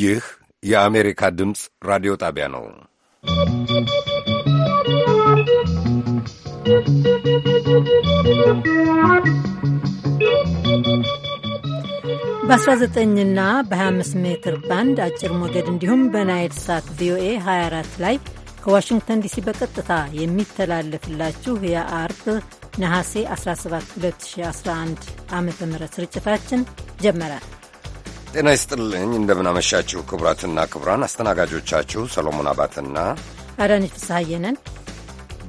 ይህ የአሜሪካ ድምፅ ራዲዮ ጣቢያ ነው። በ19ና በ25 ሜትር ባንድ አጭር ሞገድ እንዲሁም በናይል ሳት ቪኦኤ 24 ላይ ከዋሽንግተን ዲሲ በቀጥታ የሚተላለፍላችሁ የአርብ ነሐሴ 17 2011 ዓ ም ስርጭታችን ጀመራል። ጤና ይስጥልኝ። እንደምናመሻችሁ ክቡራትና ክቡራን፣ አስተናጋጆቻችሁ ሰሎሞን አባትና አዳነች ፍስሐዬ ነን።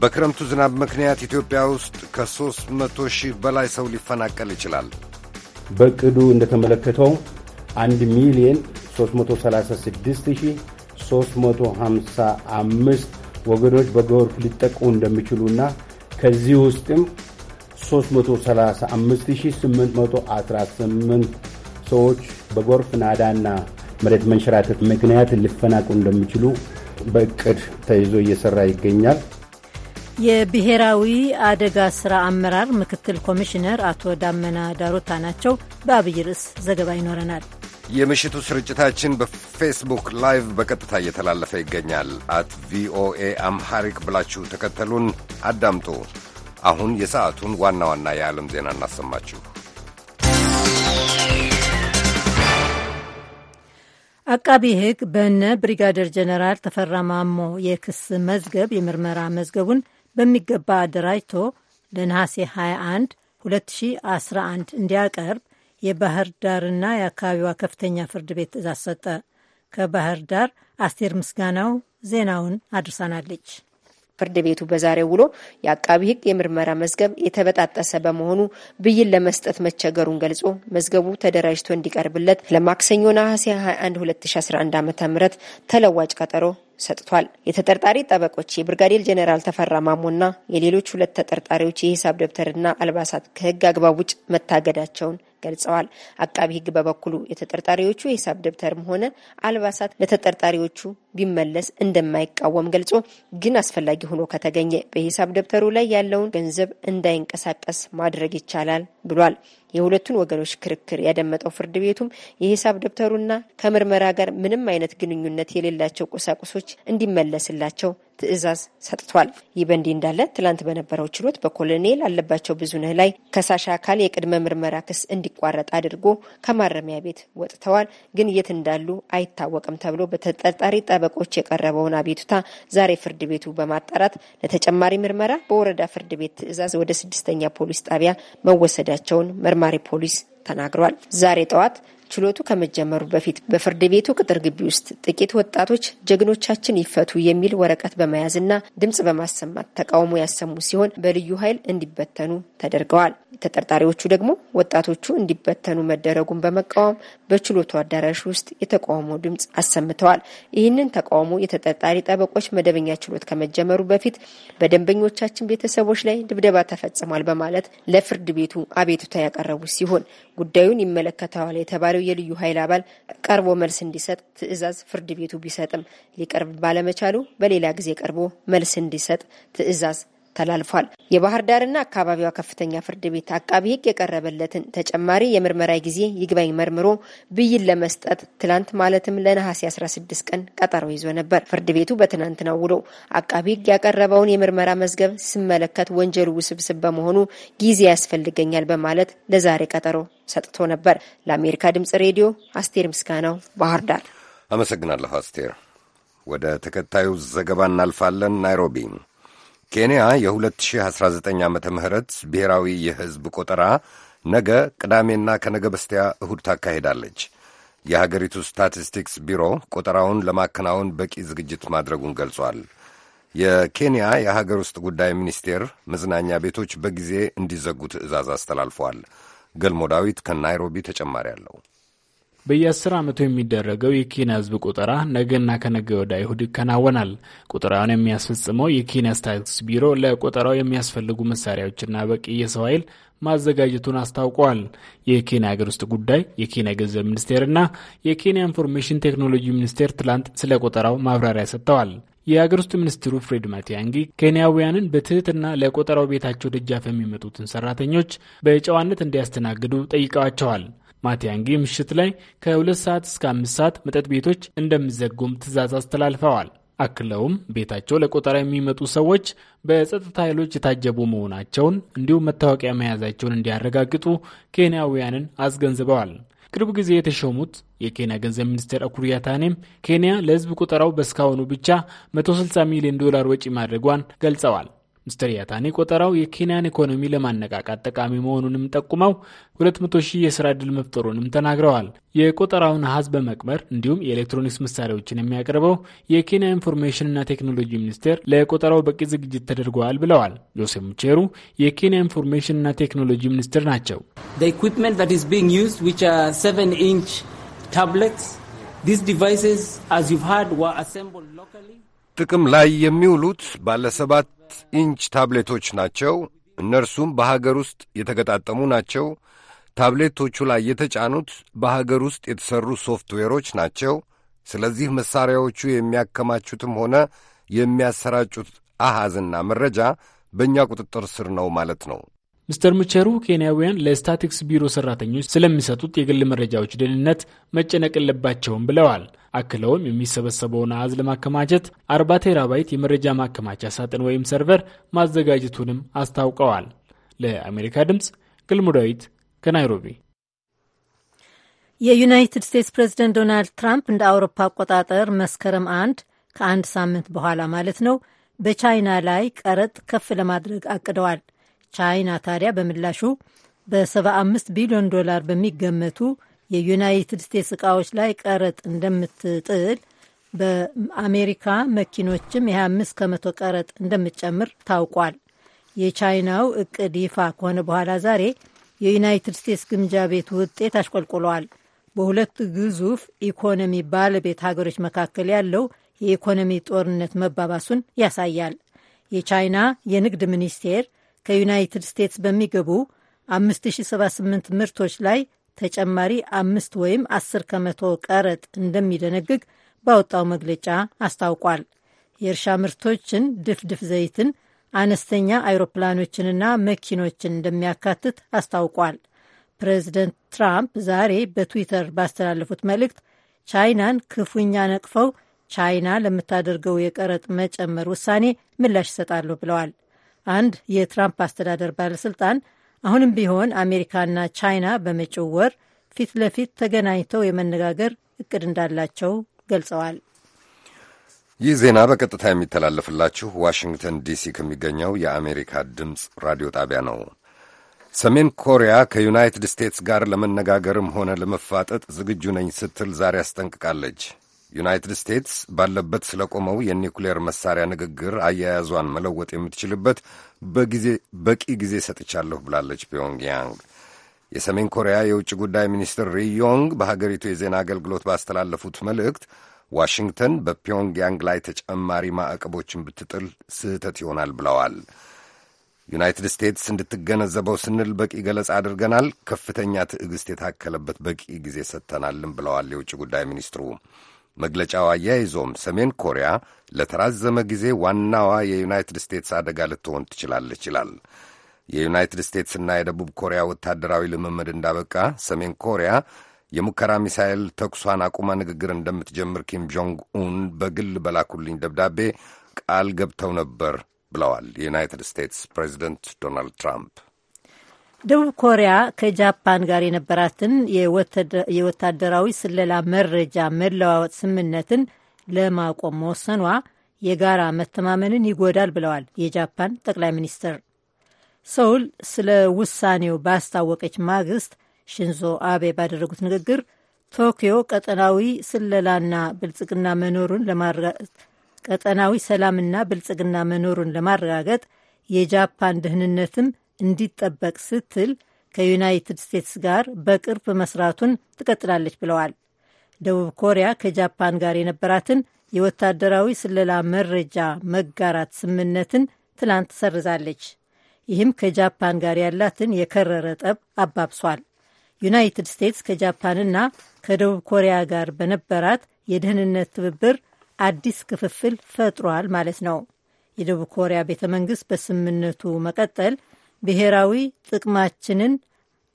በክረምቱ ዝናብ ምክንያት ኢትዮጵያ ውስጥ ከ300 ሺህ በላይ ሰው ሊፈናቀል ይችላል። በቅዱ እንደተመለከተው 1 ሚሊየን 355 ወገኖች በጎርፍ ሊጠቁ እንደሚችሉና ከዚህ ውስጥም 335818 ሰዎች በጎርፍ ናዳና መሬት መንሸራተት ምክንያት ሊፈናቁ እንደሚችሉ በእቅድ ተይዞ እየሰራ ይገኛል። የብሔራዊ አደጋ ስራ አመራር ምክትል ኮሚሽነር አቶ ዳመና ዳሮታ ናቸው። በአብይ ርዕስ ዘገባ ይኖረናል። የምሽቱ ስርጭታችን በፌስቡክ ላይቭ በቀጥታ እየተላለፈ ይገኛል። አት ቪኦኤ አምሃሪክ ብላችሁ ተከተሉን አዳምጡ። አሁን የሰዓቱን ዋና ዋና የዓለም ዜና እናሰማችሁ። አቃቢ ሕግ በነ ብሪጋደር ጀነራል ተፈራ ማሞ የክስ መዝገብ የምርመራ መዝገቡን በሚገባ አደራጅቶ ለነሐሴ 21 2011 እንዲያቀርብ የባህር ዳርና የአካባቢዋ ከፍተኛ ፍርድ ቤት ትእዛዝ ሰጠ። ከባህር ዳር አስቴር ምስጋናው ዜናውን አድርሳናለች። ፍርድ ቤቱ በዛሬው ውሎ የአቃቢ ሕግ የምርመራ መዝገብ የተበጣጠሰ በመሆኑ ብይን ለመስጠት መቸገሩን ገልጾ መዝገቡ ተደራጅቶ እንዲቀርብለት ለማክሰኞ ነሐሴ 21 2011 ዓ.ም ተለዋጭ ቀጠሮ ሰጥቷል። የተጠርጣሪ ጠበቆች የብርጋዴር ጀኔራል ተፈራ ማሞና የሌሎች ሁለት ተጠርጣሪዎች የሂሳብ ደብተርና አልባሳት ከህግ አግባብ ውጭ መታገዳቸውን ገልጸዋል። አቃቢ ሕግ በበኩሉ የተጠርጣሪዎቹ የሂሳብ ደብተርም ሆነ አልባሳት ለተጠርጣሪዎቹ ቢመለስ እንደማይቃወም ገልጾ ግን አስፈላጊ ሆኖ ከተገኘ በሂሳብ ደብተሩ ላይ ያለውን ገንዘብ እንዳይንቀሳቀስ ማድረግ ይቻላል ብሏል። የሁለቱን ወገኖች ክርክር ያደመጠው ፍርድ ቤቱም የሂሳብ ደብተሩና ከምርመራ ጋር ምንም አይነት ግንኙነት የሌላቸው ቁሳቁሶች እንዲመለስላቸው ትዕዛዝ ሰጥቷል። ይህ በእንዲህ እንዳለ ትላንት በነበረው ችሎት በኮሎኔል አለባቸው ብዙነህ ላይ ከሳሽ አካል የቅድመ ምርመራ ክስ እንዲቋረጥ አድርጎ ከማረሚያ ቤት ወጥተዋል፣ ግን የት እንዳሉ አይታወቅም ተብሎ በተጠርጣሪ ጠበቆች የቀረበውን አቤቱታ ዛሬ ፍርድ ቤቱ በማጣራት ለተጨማሪ ምርመራ በወረዳ ፍርድ ቤት ትዕዛዝ ወደ ስድስተኛ ፖሊስ ጣቢያ መወሰዳቸውን መርማሪ ፖሊስ ተናግሯል። ዛሬ ጠዋት ችሎቱ ከመጀመሩ በፊት በፍርድ ቤቱ ቅጥር ግቢ ውስጥ ጥቂት ወጣቶች ጀግኖቻችን ይፈቱ የሚል ወረቀት በመያዝና ድምጽ በማሰማት ተቃውሞ ያሰሙ ሲሆን በልዩ ኃይል እንዲበተኑ ተደርገዋል። ተጠርጣሪዎቹ ደግሞ ወጣቶቹ እንዲበተኑ መደረጉን በመቃወም በችሎቱ አዳራሽ ውስጥ የተቃውሞ ድምጽ አሰምተዋል። ይህንን ተቃውሞ የተጠርጣሪ ጠበቆች መደበኛ ችሎት ከመጀመሩ በፊት በደንበኞቻችን ቤተሰቦች ላይ ድብደባ ተፈጽሟል በማለት ለፍርድ ቤቱ አቤቱታ ያቀረቡ ሲሆን ጉዳዩን ይመለከተዋል የተባለው የዛሬው የልዩ ኃይል አባል ቀርቦ መልስ እንዲሰጥ ትዕዛዝ ፍርድ ቤቱ ቢሰጥም ሊቀርብ ባለመቻሉ በሌላ ጊዜ ቀርቦ መልስ እንዲሰጥ ትዕዛዝ ተላልፏል። የባህር ዳርና አካባቢዋ ከፍተኛ ፍርድ ቤት አቃቢ ሕግ የቀረበለትን ተጨማሪ የምርመራ ጊዜ ይግባኝ መርምሮ ብይን ለመስጠት ትላንት ማለትም ለነሐሴ 16 ቀን ቀጠሮ ይዞ ነበር። ፍርድ ቤቱ በትናንትናው ውሎ አቃቢ ሕግ ያቀረበውን የምርመራ መዝገብ ስመለከት ወንጀሉ ውስብስብ በመሆኑ ጊዜ ያስፈልገኛል በማለት ለዛሬ ቀጠሮ ሰጥቶ ነበር። ለአሜሪካ ድምጽ ሬዲዮ አስቴር ምስጋናው ባህር ዳር። አመሰግናለሁ አስቴር። ወደ ተከታዩ ዘገባ እናልፋለን። ናይሮቢ ኬንያ የ2019 ዓ ም ብሔራዊ የሕዝብ ቆጠራ ነገ ቅዳሜና ከነገ በስቲያ እሁድ ታካሂዳለች። የሀገሪቱ ስታቲስቲክስ ቢሮ ቆጠራውን ለማከናወን በቂ ዝግጅት ማድረጉን ገልጿል። የኬንያ የሀገር ውስጥ ጉዳይ ሚኒስቴር መዝናኛ ቤቶች በጊዜ እንዲዘጉ ትዕዛዝ አስተላልፈዋል። ገልሞ ዳዊት ከናይሮቢ ተጨማሪ አለው። በየአስር ዓመቱ የሚደረገው የኬንያ ህዝብ ቁጠራ ነገና ከነገ ወደ አይሁድ ይከናወናል። ቁጠራውን የሚያስፈጽመው የኬንያ ስታክስ ቢሮ ለቁጠራው የሚያስፈልጉ መሳሪያዎችና በቂ የሰው ኃይል ማዘጋጀቱን አስታውቋል። የኬንያ አገር ውስጥ ጉዳይ፣ የኬንያ ገንዘብ ሚኒስቴርና የኬንያ ኢንፎርሜሽን ቴክኖሎጂ ሚኒስቴር ትላንት ስለ ቆጠራው ማብራሪያ ሰጥተዋል። የሀገር ውስጥ ሚኒስትሩ ፍሬድ ማቲያንጊ ኬንያውያንን በትህትና ለቆጠራው ቤታቸው ደጃፍ የሚመጡትን ሰራተኞች በጨዋነት እንዲያስተናግዱ ጠይቀዋቸዋል። ማቲያንጊ ምሽት ላይ ከሁለት ሰዓት እስከ አምስት ሰዓት መጠጥ ቤቶች እንደሚዘጉም ትዕዛዝ አስተላልፈዋል። አክለውም ቤታቸው ለቆጠራ የሚመጡ ሰዎች በጸጥታ ኃይሎች የታጀቡ መሆናቸውን እንዲሁም መታወቂያ መያዛቸውን እንዲያረጋግጡ ኬንያውያንን አስገንዝበዋል። ቅርብ ጊዜ የተሾሙት የኬንያ ገንዘብ ሚኒስቴር አኩሪያ ታኔም ኬንያ ለሕዝብ ቆጠራው በእስካሁኑ ብቻ 160 ሚሊዮን ዶላር ወጪ ማድረጓን ገልጸዋል። ሚስተር ያታኔ ቆጠራው የኬንያን ኢኮኖሚ ለማነቃቃት ጠቃሚ መሆኑንም ጠቁመው 200 ሺህ የስራ ዕድል መፍጠሩንም ተናግረዋል። የቆጠራውን አሃዝ በመቅመር እንዲሁም የኤሌክትሮኒክስ መሳሪያዎችን የሚያቀርበው የኬንያ ኢንፎርሜሽንና ቴክኖሎጂ ሚኒስቴር ለቆጠራው በቂ ዝግጅት ተደርገዋል ብለዋል። ጆሴፍ ሙቼሩ የኬንያ ኢንፎርሜሽንና ቴክኖሎጂ ሚኒስትር ናቸው። ጥቅም ላይ የሚውሉት ባለ ሰባት ኢንች ታብሌቶች ናቸው። እነርሱም በሀገር ውስጥ የተገጣጠሙ ናቸው። ታብሌቶቹ ላይ የተጫኑት በሀገር ውስጥ የተሠሩ ሶፍትዌሮች ናቸው። ስለዚህ መሣሪያዎቹ የሚያከማቹትም ሆነ የሚያሰራጩት አሃዝና መረጃ በእኛ ቁጥጥር ስር ነው ማለት ነው። ሚስተር ሙቸሩ ኬንያውያን ለስታቲክስ ቢሮ ሰራተኞች ስለሚሰጡት የግል መረጃዎች ደህንነት መጨነቅ የለባቸውም ብለዋል። አክለውም የሚሰበሰበውን አሃዝ ለማከማቸት አርባ ቴራባይት የመረጃ ማከማቻ ሳጥን ወይም ሰርቨር ማዘጋጀቱንም አስታውቀዋል። ለአሜሪካ ድምፅ ግልሙዳዊት ዳዊት ከናይሮቢ። የዩናይትድ ስቴትስ ፕሬዚደንት ዶናልድ ትራምፕ እንደ አውሮፓ አቆጣጠር መስከረም አንድ ከአንድ ሳምንት በኋላ ማለት ነው በቻይና ላይ ቀረጥ ከፍ ለማድረግ አቅደዋል። ቻይና ታዲያ በምላሹ በ75 ቢሊዮን ዶላር በሚገመቱ የዩናይትድ ስቴትስ እቃዎች ላይ ቀረጥ እንደምትጥል በአሜሪካ መኪኖችም የ25 ከመቶ ቀረጥ እንደምትጨምር ታውቋል። የቻይናው እቅድ ይፋ ከሆነ በኋላ ዛሬ የዩናይትድ ስቴትስ ግምጃ ቤት ውጤት አሽቆልቁለዋል። በሁለት ግዙፍ ኢኮኖሚ ባለቤት ሀገሮች መካከል ያለው የኢኮኖሚ ጦርነት መባባሱን ያሳያል። የቻይና የንግድ ሚኒስቴር ከዩናይትድ ስቴትስ በሚገቡ 5078 ምርቶች ላይ ተጨማሪ አምስት ወይም 10 ከመቶ ቀረጥ እንደሚደነግግ ባወጣው መግለጫ አስታውቋል። የእርሻ ምርቶችን፣ ድፍድፍ ዘይትን፣ አነስተኛ አይሮፕላኖችንና መኪኖችን እንደሚያካትት አስታውቋል። ፕሬዚደንት ትራምፕ ዛሬ በትዊተር ባስተላለፉት መልእክት ቻይናን ክፉኛ ነቅፈው ቻይና ለምታደርገው የቀረጥ መጨመር ውሳኔ ምላሽ ይሰጣሉ ብለዋል። አንድ የትራምፕ አስተዳደር ባለሥልጣን አሁንም ቢሆን አሜሪካና ቻይና በመጪው ወር ፊት ለፊት ተገናኝተው የመነጋገር እቅድ እንዳላቸው ገልጸዋል። ይህ ዜና በቀጥታ የሚተላለፍላችሁ ዋሽንግተን ዲሲ ከሚገኘው የአሜሪካ ድምፅ ራዲዮ ጣቢያ ነው። ሰሜን ኮሪያ ከዩናይትድ ስቴትስ ጋር ለመነጋገርም ሆነ ለመፋጠጥ ዝግጁ ነኝ ስትል ዛሬ አስጠንቅቃለች። ዩናይትድ ስቴትስ ባለበት ስለቆመው የኒውክሌር መሳሪያ ንግግር አያያዟን መለወጥ የምትችልበት በቂ ጊዜ ሰጥቻለሁ ብላለች ፒዮንግያንግ። የሰሜን ኮሪያ የውጭ ጉዳይ ሚኒስትር ሪዮንግ በሀገሪቱ የዜና አገልግሎት ባስተላለፉት መልእክት ዋሽንግተን በፒዮንግያንግ ላይ ተጨማሪ ማዕቀቦችን ብትጥል ስህተት ይሆናል ብለዋል። ዩናይትድ ስቴትስ እንድትገነዘበው ስንል በቂ ገለጻ አድርገናል፣ ከፍተኛ ትዕግስት የታከለበት በቂ ጊዜ ሰጥተናልም ብለዋል የውጭ ጉዳይ ሚኒስትሩ። መግለጫው አያይዞም ሰሜን ኮሪያ ለተራዘመ ጊዜ ዋናዋ የዩናይትድ ስቴትስ አደጋ ልትሆን ትችላለች ይላል። የዩናይትድ ስቴትስና የደቡብ ኮሪያ ወታደራዊ ልምምድ እንዳበቃ ሰሜን ኮሪያ የሙከራ ሚሳኤል ተኩሷን አቁማ ንግግር እንደምትጀምር ኪም ጆንግ ኡን በግል በላኩልኝ ደብዳቤ ቃል ገብተው ነበር ብለዋል የዩናይትድ ስቴትስ ፕሬዚደንት ዶናልድ ትራምፕ። ደቡብ ኮሪያ ከጃፓን ጋር የነበራትን የወታደራዊ ስለላ መረጃ መለዋወጥ ስምምነትን ለማቆም መወሰኗ የጋራ መተማመንን ይጎዳል ብለዋል የጃፓን ጠቅላይ ሚኒስትር። ሰውል ስለ ውሳኔው ባስታወቀች ማግስት ሽንዞ አቤ ባደረጉት ንግግር ቶኪዮ ቀጠናዊ ስለላና ብልጽግና መኖሩን ለማረጋገጥ ቀጠናዊ ሰላምና ብልጽግና መኖሩን ለማረጋገጥ የጃፓን ደህንነትም እንዲጠበቅ ስትል ከዩናይትድ ስቴትስ ጋር በቅርብ መስራቱን ትቀጥላለች ብለዋል። ደቡብ ኮሪያ ከጃፓን ጋር የነበራትን የወታደራዊ ስለላ መረጃ መጋራት ስምምነትን ትላንት ሰርዛለች። ይህም ከጃፓን ጋር ያላትን የከረረ ጠብ አባብሷል። ዩናይትድ ስቴትስ ከጃፓንና ከደቡብ ኮሪያ ጋር በነበራት የደህንነት ትብብር አዲስ ክፍፍል ፈጥሯል ማለት ነው። የደቡብ ኮሪያ ቤተ መንግስት በስምምነቱ መቀጠል ብሔራዊ ጥቅማችንን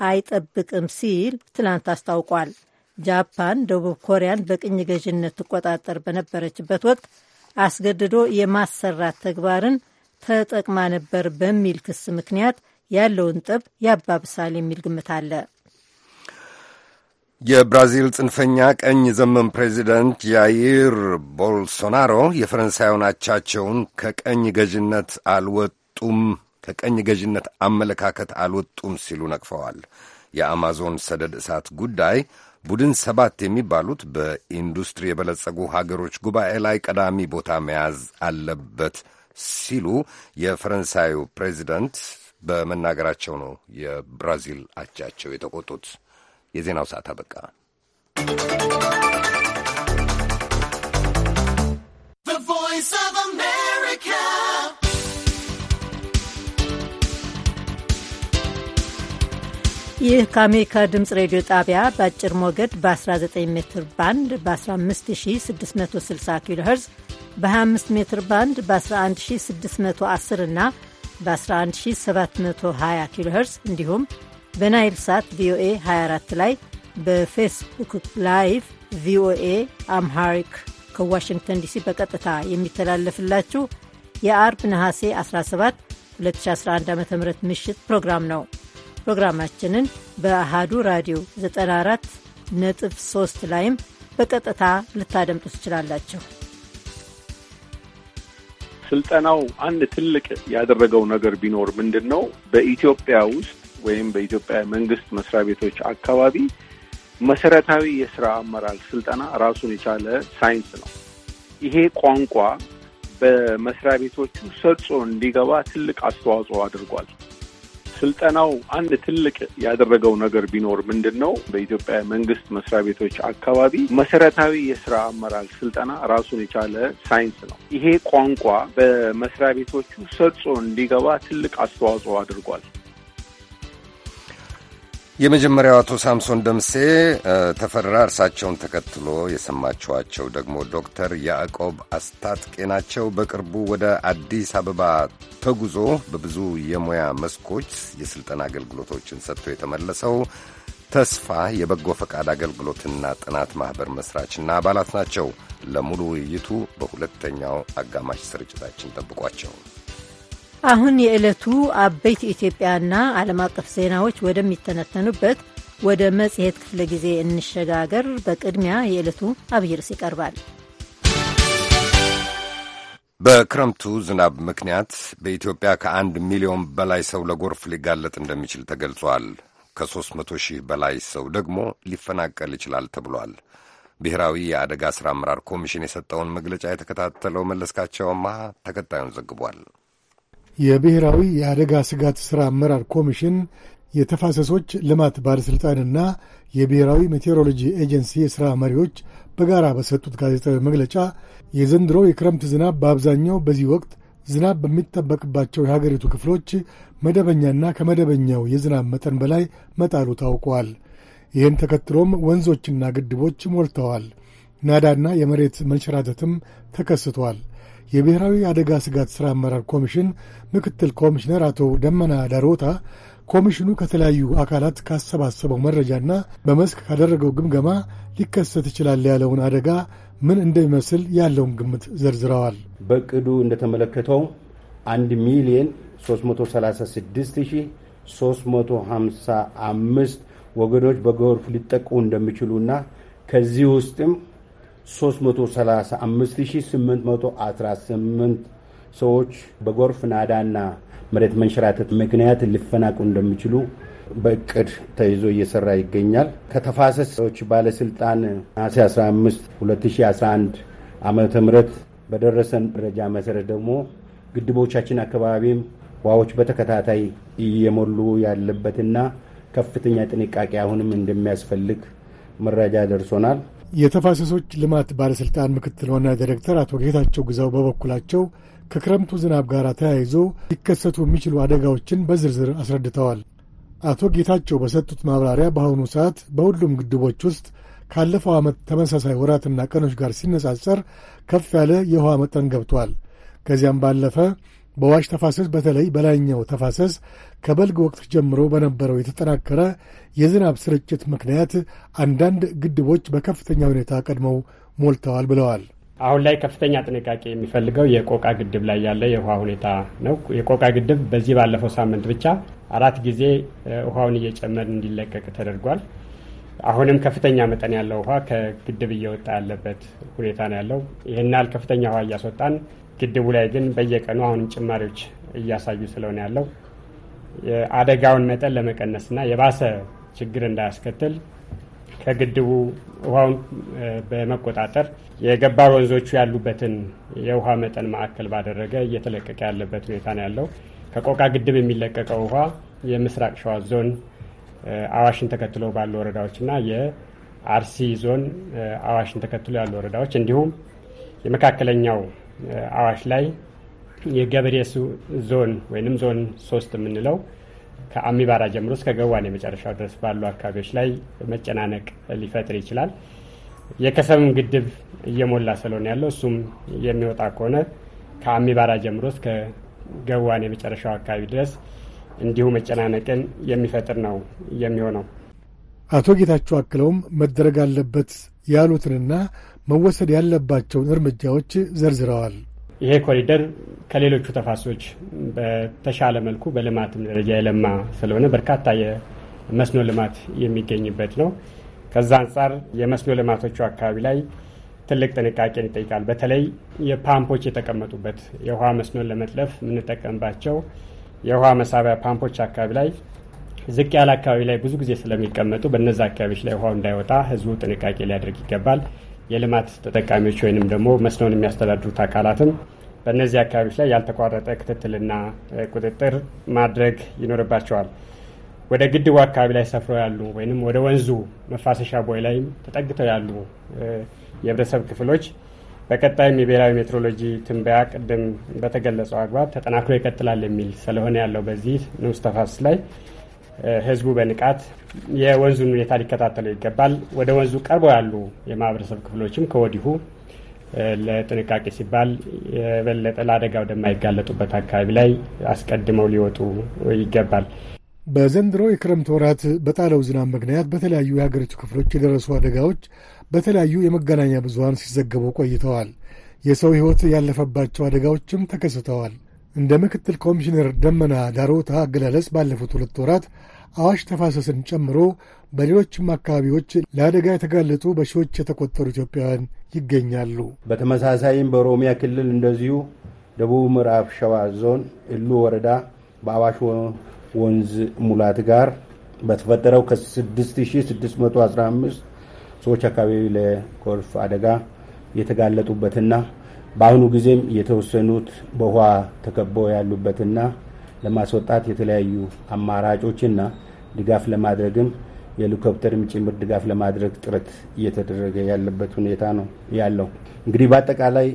አይጠብቅም ሲል ትላንት አስታውቋል። ጃፓን ደቡብ ኮሪያን በቅኝ ገዥነት ትቆጣጠር በነበረችበት ወቅት አስገድዶ የማሰራት ተግባርን ተጠቅማ ነበር በሚል ክስ ምክንያት ያለውን ጠብ ያባብሳል የሚል ግምት አለ። የብራዚል ጽንፈኛ ቀኝ ዘመን ፕሬዚደንት ጃይር ቦልሶናሮ የፈረንሳዩን አቻቸውን ከቀኝ ገዥነት አልወጡም ከቀኝ ገዥነት አመለካከት አልወጡም ሲሉ ነቅፈዋል። የአማዞን ሰደድ እሳት ጉዳይ ቡድን ሰባት የሚባሉት በኢንዱስትሪ የበለጸጉ ሀገሮች ጉባኤ ላይ ቀዳሚ ቦታ መያዝ አለበት ሲሉ የፈረንሳዩ ፕሬዚደንት በመናገራቸው ነው የብራዚል አቻቸው የተቆጡት። የዜናው ሰዓት አበቃ። ይህ ከአሜሪካ ድምፅ ሬዲዮ ጣቢያ በአጭር ሞገድ በ19 ሜትር ባንድ በ15660 ኪሎ ኸርዝ በ25 ሜትር ባንድ በ11610 እና በ11720 ኪሎ ኸርዝ እንዲሁም በናይል ሳት ቪኦኤ 24 ላይ በፌስቡክ ላይቭ ቪኦኤ አምሃሪክ ከዋሽንግተን ዲሲ በቀጥታ የሚተላለፍላችሁ የአርብ ነሐሴ 17 2011 ዓ ም ምሽት ፕሮግራም ነው። ፕሮግራማችንን በአሃዱ ራዲዮ 94 ነጥብ 3 ላይም በቀጥታ ልታደምጡ ትችላላችሁ። ስልጠናው አንድ ትልቅ ያደረገው ነገር ቢኖር ምንድን ነው? በኢትዮጵያ ውስጥ ወይም በኢትዮጵያ መንግስት መስሪያ ቤቶች አካባቢ መሰረታዊ የስራ አመራር ስልጠና ራሱን የቻለ ሳይንስ ነው። ይሄ ቋንቋ በመስሪያ ቤቶቹ ሰርጾ እንዲገባ ትልቅ አስተዋጽኦ አድርጓል። ስልጠናው አንድ ትልቅ ያደረገው ነገር ቢኖር ምንድን ነው? በኢትዮጵያ መንግስት መስሪያ ቤቶች አካባቢ መሰረታዊ የስራ አመራር ስልጠና ራሱን የቻለ ሳይንስ ነው። ይሄ ቋንቋ በመስሪያ ቤቶቹ ሰርጾ እንዲገባ ትልቅ አስተዋጽኦ አድርጓል። የመጀመሪያው አቶ ሳምሶን ደምሴ ተፈራ፣ እርሳቸውን ተከትሎ የሰማችኋቸው ደግሞ ዶክተር ያዕቆብ አስታጥቄ ናቸው። በቅርቡ ወደ አዲስ አበባ ተጉዞ በብዙ የሙያ መስኮች የሥልጠና አገልግሎቶችን ሰጥቶ የተመለሰው ተስፋ የበጎ ፈቃድ አገልግሎትና ጥናት ማኅበር መሥራችና አባላት ናቸው። ለሙሉ ውይይቱ በሁለተኛው አጋማሽ ስርጭታችን ጠብቋቸው። አሁን የዕለቱ አበይት ኢትዮጵያና ዓለም አቀፍ ዜናዎች ወደሚተነተኑበት ወደ መጽሔት ክፍለ ጊዜ እንሸጋገር። በቅድሚያ የዕለቱ አብይ ርዕስ ይቀርባል። በክረምቱ ዝናብ ምክንያት በኢትዮጵያ ከአንድ ሚሊዮን በላይ ሰው ለጎርፍ ሊጋለጥ እንደሚችል ተገልጿል። ከሦስት መቶ ሺህ በላይ ሰው ደግሞ ሊፈናቀል ይችላል ተብሏል። ብሔራዊ የአደጋ ሥራ አመራር ኮሚሽን የሰጠውን መግለጫ የተከታተለው መለስካቸው አማሃ ተከታዩን ዘግቧል። የብሔራዊ የአደጋ ስጋት ሥራ አመራር ኮሚሽን የተፋሰሶች ልማት ባለሥልጣንና የብሔራዊ ሜቴሮሎጂ ኤጀንሲ የሥራ መሪዎች በጋራ በሰጡት ጋዜጣዊ መግለጫ የዘንድሮ የክረምት ዝናብ በአብዛኛው በዚህ ወቅት ዝናብ በሚጠበቅባቸው የሀገሪቱ ክፍሎች መደበኛና ከመደበኛው የዝናብ መጠን በላይ መጣሉ ታውቋል። ይህን ተከትሎም ወንዞችና ግድቦች ሞልተዋል። ናዳና የመሬት መንሸራተትም ተከስቷል። የብሔራዊ አደጋ ስጋት ሥራ አመራር ኮሚሽን ምክትል ኮሚሽነር አቶ ደመና ዳሮታ ኮሚሽኑ ከተለያዩ አካላት ካሰባሰበው መረጃና በመስክ ካደረገው ግምገማ ሊከሰት ይችላል ያለውን አደጋ ምን እንደሚመስል ያለውን ግምት ዘርዝረዋል። በቅዱ እንደተመለከተው 1 ሚሊየን 336355 ወገኖች በጎርፍ ሊጠቁ እንደሚችሉና ከዚህ ውስጥም 335818 ሰዎች በጎርፍ ናዳና መሬት መንሸራተት ምክንያት ሊፈናቁ እንደሚችሉ በእቅድ ተይዞ እየሰራ ይገኛል። ከተፋሰሶች ባለስልጣን ነሐሴ 15 2011 ዓመተ ምህረት በደረሰን መረጃ መሰረት ደግሞ ግድቦቻችን አካባቢም ውሃዎች በተከታታይ እየሞሉ ያለበትና ከፍተኛ ጥንቃቄ አሁንም እንደሚያስፈልግ መረጃ ደርሶናል። የተፋሰሶች ልማት ባለሥልጣን ምክትል ዋና ዲሬክተር አቶ ጌታቸው ግዛው በበኩላቸው ከክረምቱ ዝናብ ጋር ተያይዞ ሊከሰቱ የሚችሉ አደጋዎችን በዝርዝር አስረድተዋል። አቶ ጌታቸው በሰጡት ማብራሪያ በአሁኑ ሰዓት በሁሉም ግድቦች ውስጥ ካለፈው ዓመት ተመሳሳይ ወራትና ቀኖች ጋር ሲነጻጸር ከፍ ያለ የውሃ መጠን ገብቷል። ከዚያም ባለፈ በዋሽ ተፋሰስ በተለይ በላይኛው ተፋሰስ ከበልግ ወቅት ጀምሮ በነበረው የተጠናከረ የዝናብ ስርጭት ምክንያት አንዳንድ ግድቦች በከፍተኛ ሁኔታ ቀድመው ሞልተዋል ብለዋል። አሁን ላይ ከፍተኛ ጥንቃቄ የሚፈልገው የቆቃ ግድብ ላይ ያለ የውሃ ሁኔታ ነው። የቆቃ ግድብ በዚህ ባለፈው ሳምንት ብቻ አራት ጊዜ ውሃውን እየጨመር እንዲለቀቅ ተደርጓል። አሁንም ከፍተኛ መጠን ያለው ውሃ ከግድብ እየወጣ ያለበት ሁኔታ ነው ያለው። ይህን ያህል ከፍተኛ ውሃ እያስወጣን ግድቡ ላይ ግን በየቀኑ አሁንም ጭማሪዎች እያሳዩ ስለሆነ ያለው የአደጋውን መጠን ለመቀነስና የባሰ ችግር እንዳያስከትል ከግድቡ ውሃውን በመቆጣጠር የገባር ወንዞቹ ያሉበትን የውሃ መጠን ማዕከል ባደረገ እየተለቀቀ ያለበት ሁኔታ ነው ያለው። ከቆቃ ግድብ የሚለቀቀው ውሃ የምስራቅ ሸዋ ዞን አዋሽን ተከትሎ ባሉ ወረዳዎችና የአርሲ ዞን አዋሽን ተከትሎ ያሉ ወረዳዎች እንዲሁም የመካከለኛው አዋሽ ላይ የገበሬ ዞን ወይም ዞን ሶስት የምንለው ከአሚባራ ጀምሮ እስከ ገዋን የመጨረሻው ድረስ ባሉ አካባቢዎች ላይ መጨናነቅ ሊፈጥር ይችላል። የከሰብም ግድብ እየሞላ ስለሆነ ያለው እሱም የሚወጣ ከሆነ ከአሚባራ ጀምሮ እስከ ገዋኔ የመጨረሻው አካባቢ ድረስ እንዲሁ መጨናነቅን የሚፈጥር ነው የሚሆነው። አቶ ጌታቸው አክለውም መደረግ አለበት ያሉትንና መወሰድ ያለባቸውን እርምጃዎች ዘርዝረዋል። ይሄ ኮሪደር ከሌሎቹ ተፋሶች በተሻለ መልኩ በልማትም ደረጃ የለማ ስለሆነ በርካታ የመስኖ ልማት የሚገኝበት ነው። ከዛ አንጻር የመስኖ ልማቶቹ አካባቢ ላይ ትልቅ ጥንቃቄን ይጠይቃል። በተለይ የፓምፖች የተቀመጡበት የውሃ መስኖን ለመጥለፍ የምንጠቀምባቸው የውሃ መሳቢያ ፓምፖች አካባቢ ላይ ዝቅ ያለ አካባቢ ላይ ብዙ ጊዜ ስለሚቀመጡ በነዚ አካባቢዎች ላይ ውሃው እንዳይወጣ ህዝቡ ጥንቃቄ ሊያደርግ ይገባል። የልማት ተጠቃሚዎች ወይንም ደግሞ መስኖን የሚያስተዳድሩት አካላትም በእነዚህ አካባቢዎች ላይ ያልተቋረጠ ክትትልና ቁጥጥር ማድረግ ይኖርባቸዋል። ወደ ግድቡ አካባቢ ላይ ሰፍረው ያሉ ወይም ወደ ወንዙ መፋሰሻ ቦይ ላይም ተጠግተው ያሉ የህብረተሰብ ክፍሎች በቀጣይም የብሔራዊ ሜትሮሎጂ ትንበያ ቅድም በተገለጸው አግባብ ተጠናክሮ ይቀጥላል የሚል ስለሆነ ያለው በዚህ ንዑስ ተፋሰስ ላይ ህዝቡ በንቃት የወንዙን ሁኔታ ሊከታተለው ይገባል። ወደ ወንዙ ቀርበው ያሉ የማህበረሰብ ክፍሎችም ከወዲሁ ለጥንቃቄ ሲባል የበለጠ ለአደጋ ወደማይጋለጡበት አካባቢ ላይ አስቀድመው ሊወጡ ይገባል። በዘንድሮ የክረምት ወራት በጣለው ዝናብ ምክንያት በተለያዩ የሀገሪቱ ክፍሎች የደረሱ አደጋዎች በተለያዩ የመገናኛ ብዙኃን ሲዘገቡ ቆይተዋል። የሰው ሕይወት ያለፈባቸው አደጋዎችም ተከስተዋል። እንደ ምክትል ኮሚሽነር ደመና ዳሮታ አገላለጽ ባለፉት ሁለት ወራት አዋሽ ተፋሰስን ጨምሮ በሌሎችም አካባቢዎች ለአደጋ የተጋለጡ በሺዎች የተቆጠሩ ኢትዮጵያውያን ይገኛሉ። በተመሳሳይም በኦሮሚያ ክልል እንደዚሁ ደቡብ ምዕራብ ሸዋ ዞን እሉ ወረዳ በአዋሽ ወንዝ ሙላት ጋር በተፈጠረው ከ6615 ሰዎች አካባቢ ለጎርፍ አደጋ የተጋለጡበትና በአሁኑ ጊዜም የተወሰኑት በውሃ ተከበው ያሉበትና ለማስወጣት የተለያዩ አማራጮችና ድጋፍ ለማድረግም የሄሊኮፕተርም ጭምር ድጋፍ ለማድረግ ጥረት እየተደረገ ያለበት ሁኔታ ነው ያለው። እንግዲህ በአጠቃላይ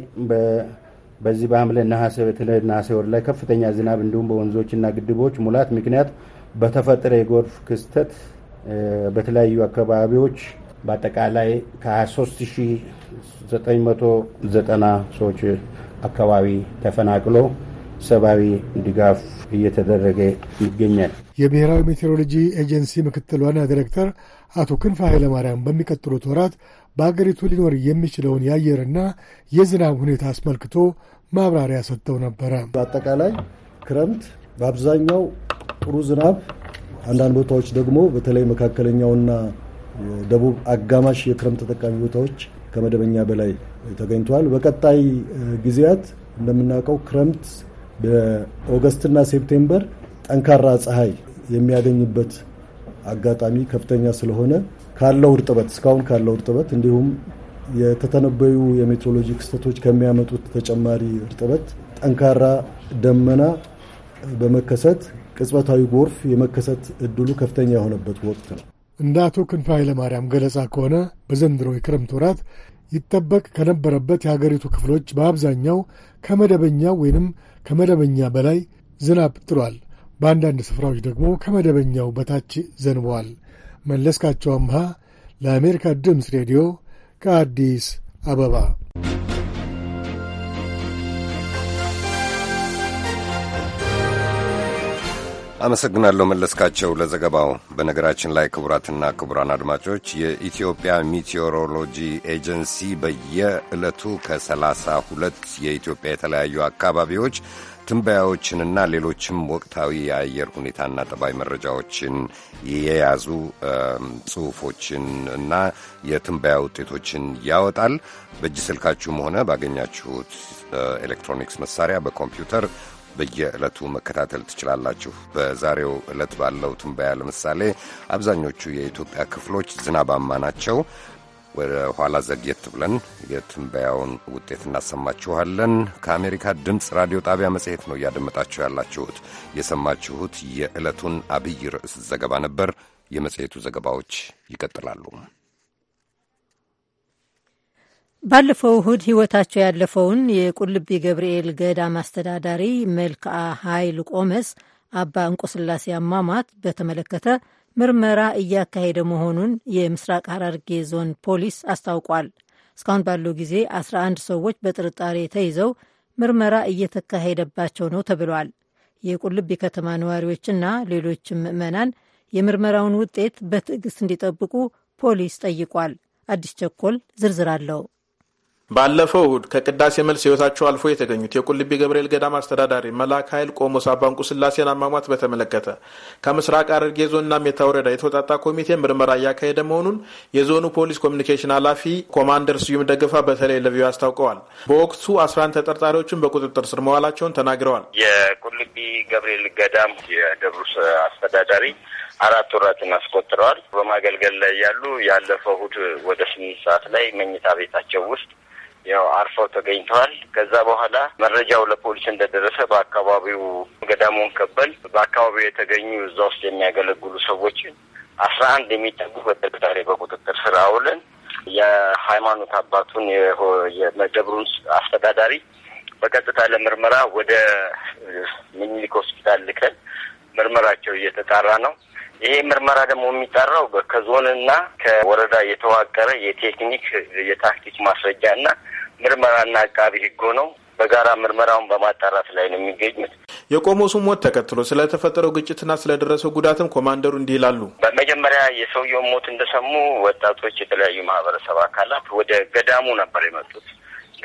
በዚህ በሐምሌ ነሐሴ በተለይ ነሐሴ ወር ላይ ከፍተኛ ዝናብ እንዲሁም በወንዞችና ግድቦች ሙላት ምክንያት በተፈጠረ የጎርፍ ክስተት በተለያዩ አካባቢዎች በአጠቃላይ ከ23 ሺህ ዘጠኝ ሰዎች አካባቢ ተፈናቅሎ ሰብአዊ ድጋፍ እየተደረገ ይገኛል። የብሔራዊ ሜቴሮሎጂ ኤጀንሲ ምክትል ዋና ዲሬክተር አቶ ክንፈ ኃይለማርያም በሚቀጥሉት ወራት በአገሪቱ ሊኖር የሚችለውን የአየርና የዝናብ ሁኔታ አስመልክቶ ማብራሪያ ሰጥተው ነበረ። በአጠቃላይ ክረምት በአብዛኛው ጥሩ ዝናብ፣ አንዳንድ ቦታዎች ደግሞ በተለይ መካከለኛውና ደቡብ አጋማሽ የክረምት ተጠቃሚ ቦታዎች ከመደበኛ በላይ ተገኝተዋል። በቀጣይ ጊዜያት እንደምናውቀው ክረምት በኦገስትና ሴፕቴምበር ጠንካራ ፀሐይ የሚያገኝበት አጋጣሚ ከፍተኛ ስለሆነ ካለው እርጥበት እስካሁን ካለው እርጥበት እንዲሁም የተተነበዩ የሜትሮሎጂ ክስተቶች ከሚያመጡት ተጨማሪ እርጥበት ጠንካራ ደመና በመከሰት ቅጽበታዊ ጎርፍ የመከሰት እድሉ ከፍተኛ የሆነበት ወቅት ነው። እንደ አቶ ክንፈ ማርያም ገለጻ ከሆነ በዘንድሮ የክረምት ወራት ይጠበቅ ከነበረበት የሀገሪቱ ክፍሎች በአብዛኛው ከመደበኛ ወይንም ከመደበኛ በላይ ዝናብ ጥሏል። በአንዳንድ ስፍራዎች ደግሞ ከመደበኛው በታች ዘንበዋል። መለስካቸው አምሃ ለአሜሪካ ድምፅ ሬዲዮ ከአዲስ አበባ አመሰግናለሁ መለስካቸው ለዘገባው። በነገራችን ላይ ክቡራትና ክቡራን አድማጮች የኢትዮጵያ ሚቴዎሮሎጂ ኤጀንሲ በየዕለቱ ከሰላሳ ሁለት የኢትዮጵያ የተለያዩ አካባቢዎች ትንበያዎችንና ሌሎችም ወቅታዊ የአየር ሁኔታና ጠባይ መረጃዎችን የያዙ ጽሑፎችን እና የትንበያ ውጤቶችን ያወጣል። በእጅ ስልካችሁም ሆነ ባገኛችሁት ኤሌክትሮኒክስ መሳሪያ በኮምፒውተር በየዕለቱ መከታተል ትችላላችሁ። በዛሬው ዕለት ባለው ትንበያ ለምሳሌ አብዛኞቹ የኢትዮጵያ ክፍሎች ዝናባማ ናቸው። ወደ ኋላ ዘግየት ብለን የትንበያውን ውጤት እናሰማችኋለን። ከአሜሪካ ድምፅ ራዲዮ ጣቢያ መጽሔት ነው እያደመጣችሁ ያላችሁት። የሰማችሁት የዕለቱን አብይ ርዕስ ዘገባ ነበር። የመጽሔቱ ዘገባዎች ይቀጥላሉ። ባለፈው እሁድ ሕይወታቸው ያለፈውን የቁልቢ ገብርኤል ገዳም አስተዳዳሪ መልክዓ ኃይል ቆመስ አባ እንቆስላሴ አሟሟት በተመለከተ ምርመራ እያካሄደ መሆኑን የምስራቅ ሐረርጌ ዞን ፖሊስ አስታውቋል። እስካሁን ባለው ጊዜ 11 ሰዎች በጥርጣሬ ተይዘው ምርመራ እየተካሄደባቸው ነው ተብሏል። የቁልቢ ከተማ ነዋሪዎችና ሌሎችም ምዕመናን የምርመራውን ውጤት በትዕግስት እንዲጠብቁ ፖሊስ ጠይቋል። አዲስ ቸኮል ዝርዝር አለው። ባለፈው እሁድ ከቅዳሴ መልስ ህይወታቸው አልፎ የተገኙት የቁልቢ ገብርኤል ገዳም አስተዳዳሪ መልአክ ኃይል ቆሞስ አባንቁ ስላሴን አሟሟት በተመለከተ ከምስራቅ ሐረርጌ ዞንና ሜታ ወረዳ የተወጣጣ ኮሚቴ ምርመራ እያካሄደ መሆኑን የዞኑ ፖሊስ ኮሚኒኬሽን ኃላፊ ኮማንደር ስዩም ደግፋ በተለይ ለቪዮ አስታውቀዋል። በወቅቱ አስራ አንድ ተጠርጣሪዎችን በቁጥጥር ስር መዋላቸውን ተናግረዋል። የቁልቢ ገብርኤል ገዳም የደብሩስ አስተዳዳሪ አራት ወራትን አስቆጥረዋል። በማገልገል ላይ ያሉ ያለፈው እሁድ ወደ ስምንት ሰዓት ላይ መኝታ ቤታቸው ውስጥ ያው አርፈው ተገኝተዋል። ከዛ በኋላ መረጃው ለፖሊስ እንደደረሰ በአካባቢው ገዳሙን ከበል በአካባቢው የተገኙ እዛ ውስጥ የሚያገለግሉ ሰዎችን አስራ አንድ የሚጠጉ በተቀጣሪ በቁጥጥር ስር አውለን የሃይማኖት አባቱን የመደብሩን አስተዳዳሪ በቀጥታ ለምርመራ ወደ ምኒልክ ሆስፒታል ልከን ምርመራቸው እየተጣራ ነው። ይሄ ምርመራ ደግሞ የሚጠራው ከዞንና ከወረዳ የተዋቀረ የቴክኒክ የታክቲክ ማስረጃና ምርመራና አቃቢ ህግ ነው። በጋራ ምርመራውን በማጣራት ላይ ነው የሚገኙት። የቆሞሱን ሞት ተከትሎ ስለተፈጠረው ግጭትና ስለደረሰው ጉዳትም ኮማንደሩ እንዲህ ይላሉ። በመጀመሪያ የሰውየውን ሞት እንደሰሙ ወጣቶች፣ የተለያዩ ማህበረሰብ አካላት ወደ ገዳሙ ነበር የመጡት።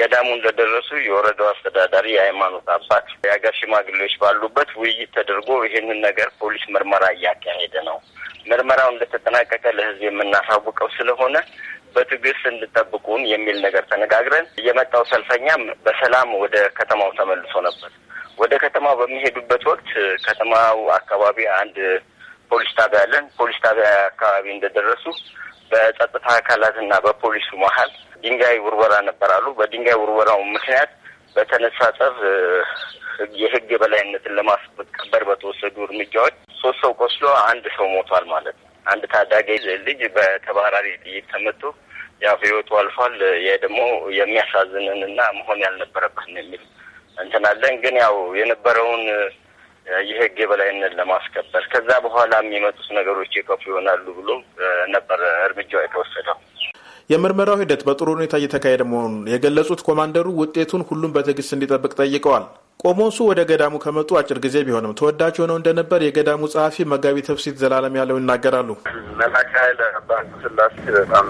ገዳሙ እንደደረሱ የወረዳው አስተዳዳሪ፣ የሃይማኖት አባት፣ የሀገር ሽማግሌዎች ባሉበት ውይይት ተደርጎ ይህንን ነገር ፖሊስ ምርመራ እያካሄደ ነው። ምርመራው እንደተጠናቀቀ ለህዝብ የምናሳውቀው ስለሆነ በትዕግስት እንድጠብቁን የሚል ነገር ተነጋግረን የመጣው ሰልፈኛም በሰላም ወደ ከተማው ተመልሶ ነበር። ወደ ከተማው በሚሄዱበት ወቅት ከተማው አካባቢ አንድ ፖሊስ ጣቢያ አለን። ፖሊስ ጣቢያ አካባቢ እንደደረሱ በጸጥታ አካላት እና በፖሊሱ መሀል ድንጋይ ውርወራ ነበራሉ። በድንጋይ ውርወራው ምክንያት በተነሳ ጸብ የህግ የበላይነትን ለማስከበር በተወሰዱ እርምጃዎች ሶስት ሰው ቆስሎ አንድ ሰው ሞቷል ማለት ነው። አንድ ታዳጊ ልጅ በተባራሪ ጥይት ተመቶ ያው ህይወቱ አልፏል። ይህ ደግሞ የሚያሳዝንን እና መሆን ያልነበረበትን የሚል እንትናለን ግን ያው የነበረውን የህግ የበላይነት ለማስከበር ከዛ በኋላ የሚመጡት ነገሮች የከፉ ይሆናሉ ብሎ ነበር እርምጃው የተወሰደው። የምርመራው ሂደት በጥሩ ሁኔታ እየተካሄደ መሆኑን የገለጹት ኮማንደሩ ውጤቱን ሁሉም በትዕግስት እንዲጠብቅ ጠይቀዋል። ቆሞሱ ወደ ገዳሙ ከመጡ አጭር ጊዜ ቢሆንም ተወዳጅ ሆነው እንደነበር የገዳሙ ጸሐፊ መጋቢ ተብሲት ዘላለም ያለው ይናገራሉ። መላክ ኃይለ ስላሴ በጣም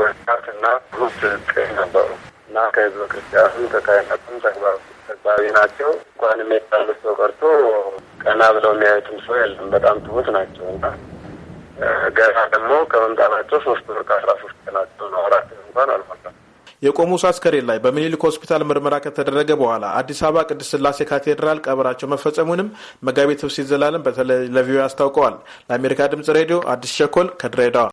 ወጣትና ሩት ቀኝ ነበሩ እና ከህዝበ ክርስቲያኑ ከካይናቱም ተግባቢ ናቸው። እንኳንም የጣሉት ሰው ቀርቶ ቀና ብለው የሚያዩትም ሰው የለም። በጣም ትሁት ናቸው እና ገና ደግሞ ከመምጣናቸው ሶስት ወር ከአስራ ሶስት ቀናቸው ነው። አራት እንኳን አልፏል። የቆሙስ አስከሬን ላይ በምኒልክ ሆስፒታል ምርመራ ከተደረገ በኋላ አዲስ አበባ ቅድስት ስላሴ ካቴድራል ቀበራቸው መፈጸሙንም መጋቤት ትውፊት ዘላለም በተለይ ለቪዮ አስታውቀዋል። ለአሜሪካ ድምጽ ሬዲዮ አዲስ ቸኮል ከድሬዳዋ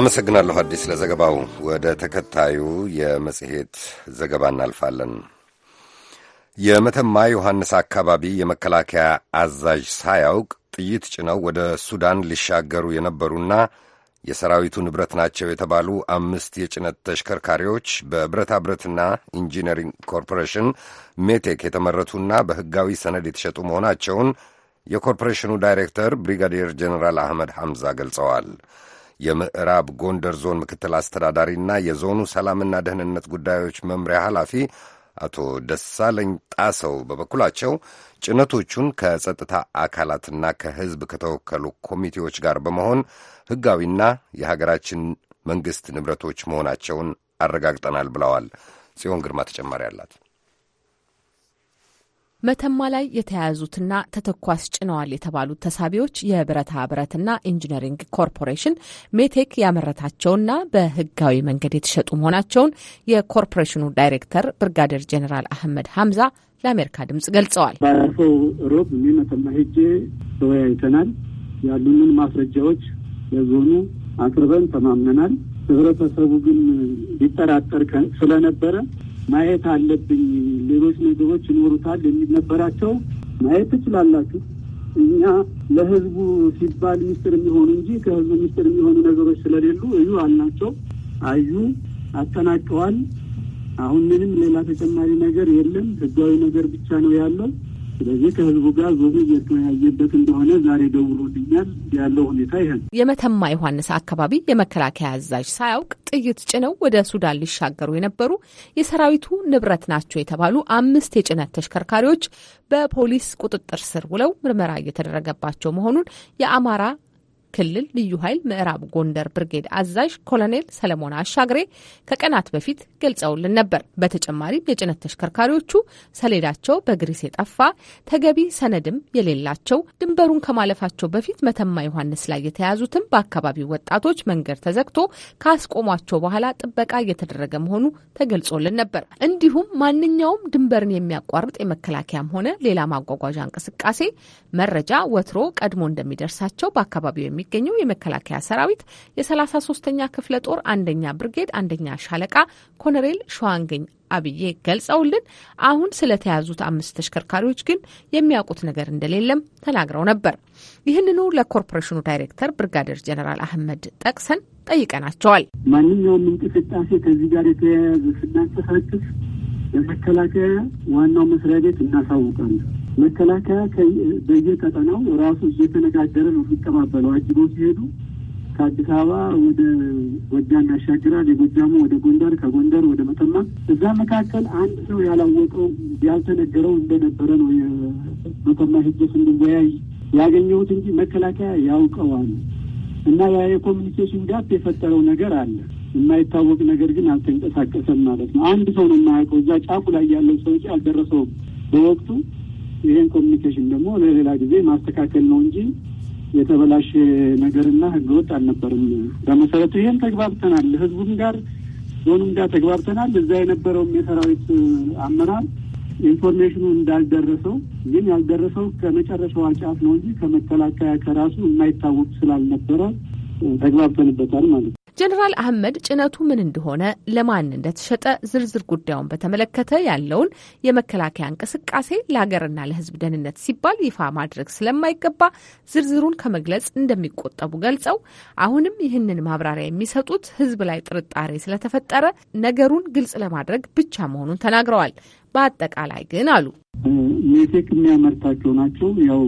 አመሰግናለሁ አዲስ ለዘገባው። ወደ ተከታዩ የመጽሔት ዘገባ እናልፋለን። የመተማ ዮሐንስ አካባቢ የመከላከያ አዛዥ ሳያውቅ ጥይት ጭነው ወደ ሱዳን ሊሻገሩ የነበሩና የሰራዊቱ ንብረት ናቸው የተባሉ አምስት የጭነት ተሽከርካሪዎች በብረታ ብረትና ኢንጂነሪንግ ኮርፖሬሽን ሜቴክ የተመረቱና በሕጋዊ ሰነድ የተሸጡ መሆናቸውን የኮርፖሬሽኑ ዳይሬክተር ብሪጋዴር ጀኔራል አህመድ ሐምዛ ገልጸዋል። የምዕራብ ጎንደር ዞን ምክትል አስተዳዳሪና የዞኑ ሰላምና ደህንነት ጉዳዮች መምሪያ ኃላፊ አቶ ደሳለኝ ጣሰው በበኩላቸው ጭነቶቹን ከጸጥታ አካላትና ከሕዝብ ከተወከሉ ኮሚቴዎች ጋር በመሆን ሕጋዊና የሀገራችን መንግሥት ንብረቶች መሆናቸውን አረጋግጠናል ብለዋል። ጽዮን ግርማ ተጨማሪ አላት። መተማ ላይ የተያያዙትና ተተኳስ ጭነዋል የተባሉት ተሳቢዎች የብረታ ብረትና ኢንጂነሪንግ ኮርፖሬሽን ሜቴክ ያመረታቸውና በህጋዊ መንገድ የተሸጡ መሆናቸውን የኮርፖሬሽኑ ዳይሬክተር ብርጋዴር ጄኔራል አህመድ ሀምዛ ለአሜሪካ ድምጽ ገልጸዋል። ባለፈው ሮብ እኔ መተማ ሄጄ ተወያይተናል። ያሉንን ማስረጃዎች ለዞኑ አቅርበን ተማምነናል። ህብረተሰቡ ግን ሊጠራጠር ስለነበረ ማየት አለብኝ፣ ሌሎች ነገሮች ይኖሩታል የሚል ነበራቸው። ማየት ትችላላችሁ። እኛ ለህዝቡ ሲባል ሚስጥር የሚሆኑ እንጂ ከህዝቡ ሚስጥር የሚሆኑ ነገሮች ስለሌሉ እዩ አልናቸው። አዩ፣ አጠናቀዋል። አሁን ምንም ሌላ ተጨማሪ ነገር የለም። ህጋዊ ነገር ብቻ ነው ያለው። ስለዚህ ከህዝቡ ጋር ዞኑ እየተወያየበት እንደሆነ ዛሬ ደውሎልኛል። ያለው ሁኔታ ይህን የመተማ ዮሐንስ አካባቢ የመከላከያ አዛዥ ሳያውቅ ጥይት ጭነው ወደ ሱዳን ሊሻገሩ የነበሩ የሰራዊቱ ንብረት ናቸው የተባሉ አምስት የጭነት ተሽከርካሪዎች በፖሊስ ቁጥጥር ስር ውለው ምርመራ እየተደረገባቸው መሆኑን የአማራ ክልል ልዩ ኃይል ምዕራብ ጎንደር ብርጌድ አዛዥ ኮሎኔል ሰለሞን አሻግሬ ከቀናት በፊት ገልጸውልን ነበር። በተጨማሪም የጭነት ተሽከርካሪዎቹ ሰሌዳቸው በግሪስ የጠፋ ተገቢ ሰነድም የሌላቸው ድንበሩን ከማለፋቸው በፊት መተማ ዮሐንስ ላይ የተያዙትም በአካባቢው ወጣቶች መንገድ ተዘግቶ ካስቆሟቸው በኋላ ጥበቃ እየተደረገ መሆኑ ተገልጾልን ነበር። እንዲሁም ማንኛውም ድንበርን የሚያቋርጥ የመከላከያም ሆነ ሌላ ማጓጓዣ እንቅስቃሴ መረጃ ወትሮ ቀድሞ እንደሚደርሳቸው በአካባቢው የሚ የሚገኘው የመከላከያ ሰራዊት የሰላሳ ሶስተኛ ክፍለ ጦር አንደኛ ብርጌድ አንደኛ ሻለቃ ኮነሬል ሸዋንግኝ አብዬ ገልጸውልን አሁን ስለተያዙት አምስት ተሽከርካሪዎች ግን የሚያውቁት ነገር እንደሌለም ተናግረው ነበር። ይህንኑ ለኮርፖሬሽኑ ዳይሬክተር ብርጋደር ጀነራል አህመድ ጠቅሰን ጠይቀናቸዋል። ማንኛውም እንቅስቃሴ ከዚህ ጋር የተያያዙ ስናንቀሳቅስ ለመከላከያ ዋናው መስሪያ ቤት እናሳውቃለን። መከላከያ በየቀጠናው ራሱ እየተነጋገረ ነው የሚቀባበለው። አጅበው ሲሄዱ ከአዲስ አበባ ወደ ጎጃም ያሻግራል፣ የጎጃሙ ወደ ጎንደር፣ ከጎንደር ወደ መተማ። እዛ መካከል አንድ ሰው ያላወቀው ያልተነገረው እንደነበረ ነው የመተማ ህጀ ስንወያይ ያገኘሁት እንጂ መከላከያ ያውቀዋል። እና ያ የኮሚኒኬሽን ጋፕ የፈጠረው ነገር አለ። የማይታወቅ ነገር ግን አልተንቀሳቀሰም ማለት ነው። አንድ ሰው ነው የማያውቀው። እዛ ጫፉ ላይ ያለው ሰው እንጂ አልደረሰውም በወቅቱ ይህን ኮሚኒኬሽን ደግሞ ለሌላ ጊዜ ማስተካከል ነው እንጂ የተበላሸ ነገርና ህገወጥ አልነበርም። በመሰረቱ ይህን ተግባብተናል። ህዝቡም ጋር ዞኑም ጋር ተግባብተናል። እዛ የነበረውም የሰራዊት አመራር ኢንፎርሜሽኑ እንዳልደረሰው ግን ያልደረሰው ከመጨረሻዋ ጫፍ ነው እንጂ ከመከላከያ ከራሱ የማይታወቅ ስላልነበረ ተግባብተንበታል ማለት ነው። ጀኔራል አህመድ ጭነቱ ምን እንደሆነ፣ ለማን እንደተሸጠ ዝርዝር ጉዳዩን በተመለከተ ያለውን የመከላከያ እንቅስቃሴ ለሀገርና ለሕዝብ ደህንነት ሲባል ይፋ ማድረግ ስለማይገባ ዝርዝሩን ከመግለጽ እንደሚቆጠቡ ገልጸው አሁንም ይህንን ማብራሪያ የሚሰጡት ሕዝብ ላይ ጥርጣሬ ስለተፈጠረ ነገሩን ግልጽ ለማድረግ ብቻ መሆኑን ተናግረዋል። በአጠቃላይ ግን አሉ ሜቴክ የሚያመርታቸው ናቸው። ያው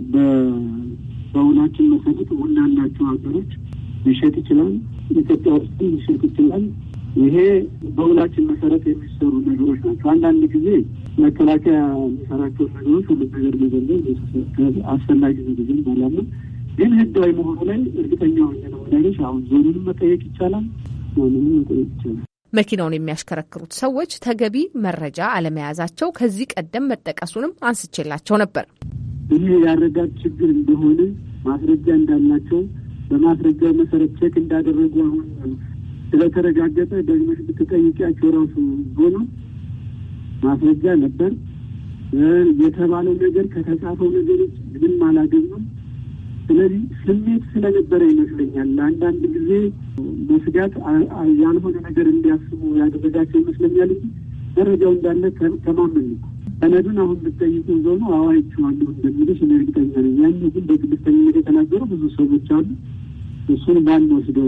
በውላችን መሰረት ሁላንዳቸው ሀገሮች ሊሸጥ ይችላል ኢትዮጵያ ውስጥ ትንሽ ይችላል። ይሄ በሁላችን መሰረት የሚሰሩ ነገሮች ናቸው። አንዳንድ ጊዜ መከላከያ የሚሰራቸው ነገሮች ሁሉ ነገር መዘለን አስፈላጊ ዝግዝል ማለት ነው። ግን ህጋዊ መሆኑ ላይ እርግጠኛ ሆኜ ነው ነገሮች አሁን ዞኑንም መጠየቅ ይቻላል፣ ዞኑንም መጠየቅ ይቻላል። መኪናውን የሚያሽከረክሩት ሰዎች ተገቢ መረጃ አለመያዛቸው ከዚህ ቀደም መጠቀሱንም አንስቼላቸው ነበር። ይህ ያረጋት ችግር እንደሆነ ማስረጃ እንዳላቸው በማስረጃ መሰረት ቼክ እንዳደረጉ አሁን ስለተረጋገጠ ደግመሽ ብትጠይቂያቸው ራሱ ሆኖ ማስረጃ ነበር የተባለው ነገር ከተጻፈው ነገሮች ምንም አላገኙም። ስለዚህ ስሜት ስለነበረ ይመስለኛል ለአንዳንድ ጊዜ መስጋት ያልሆነ ነገር እንዲያስቡ ያደረጋቸው ይመስለኛል እንጂ መረጃው እንዳለ ከማመን ነው። ሰነዱን አሁን ብትጠይቁ ዞኑ አዋይችዋለሁ እንደሚልሽ እኔ እርግጠኛ ነኝ። ያን ግን በቅድስተኝነት የተናገሩ ብዙ ሰዎች አሉ። እሱን ማን ወስደው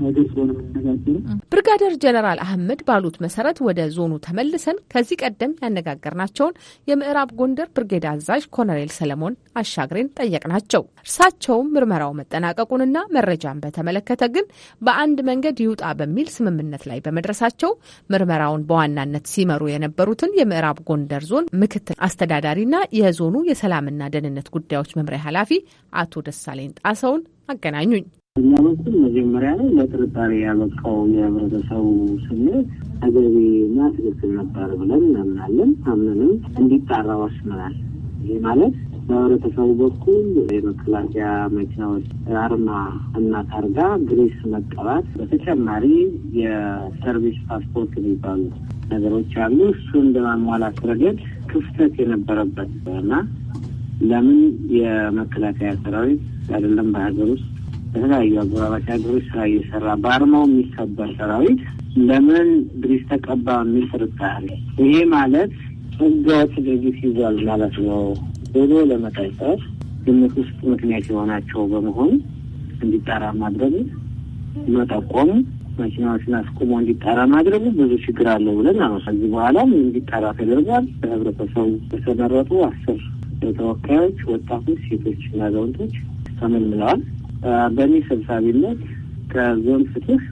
ሀገር ስለሆነ የምነጋገረው ብርጋደር ጀነራል አህመድ ባሉት መሰረት ወደ ዞኑ ተመልሰን ከዚህ ቀደም ያነጋገርናቸውን የምዕራብ ጎንደር ብርጌድ አዛዥ ኮሎኔል ሰለሞን አሻግሬን ጠየቅናቸው። እርሳቸውም ምርመራው መጠናቀቁንና መረጃን በተመለከተ ግን በአንድ መንገድ ይውጣ በሚል ስምምነት ላይ በመድረሳቸው ምርመራውን በዋናነት ሲመሩ የነበሩትን የምዕራብ ጎንደር ዞን ምክትል አስተዳዳሪና የዞኑ የሰላምና ደህንነት ጉዳዮች መምሪያ ኃላፊ አቶ ደሳሌን ጣሰውን አገናኙኝ። እኛ በኩል መጀመሪያ ላይ ለጥርጣሬ ያበቃው የህብረተሰቡ ስሜት ተገቢና ትክክል ነበር ብለን እናምናለን። አምነንም እንዲጣራ ወስነናል። ይህ ማለት በህብረተሰቡ በኩል የመከላከያ መኪናዎች አርማ እና ታርጋ ግሬስ መቀባት፣ በተጨማሪ የሰርቪስ ፓስፖርት የሚባሉ ነገሮች አሉ። እሱን በማሟላት ረገድ ክፍተት የነበረበት እና ለምን የመከላከያ ሰራዊት አይደለም በሀገር ውስጥ በተለያዩ አጎራባች ሀገሮች ስራ እየሰራ በአርማው የሚከበር ሰራዊት ለምን ድሪስ ተቀባ የሚል ፍርጣለ። ይሄ ማለት ህገወጥ ድርጊት ይዟል ማለት ነው ብሎ ለመጠርጠር ግምት ውስጥ ምክንያት የሆናቸው በመሆን እንዲጣራ ማድረጉ መጠቆም መኪናዎችን አስቁሞ እንዲጣራ ማድረጉ ብዙ ችግር አለው ብለን አመሰግን። በኋላም እንዲጣራ ተደርጓል። በህብረተሰቡ የተመረጡ አስር ተወካዮች ወጣቶች፣ ሴቶችና አዛውንቶች ተመልምለዋል። በእኔ ሰብሳቢነት ከዞን ፍትህ፣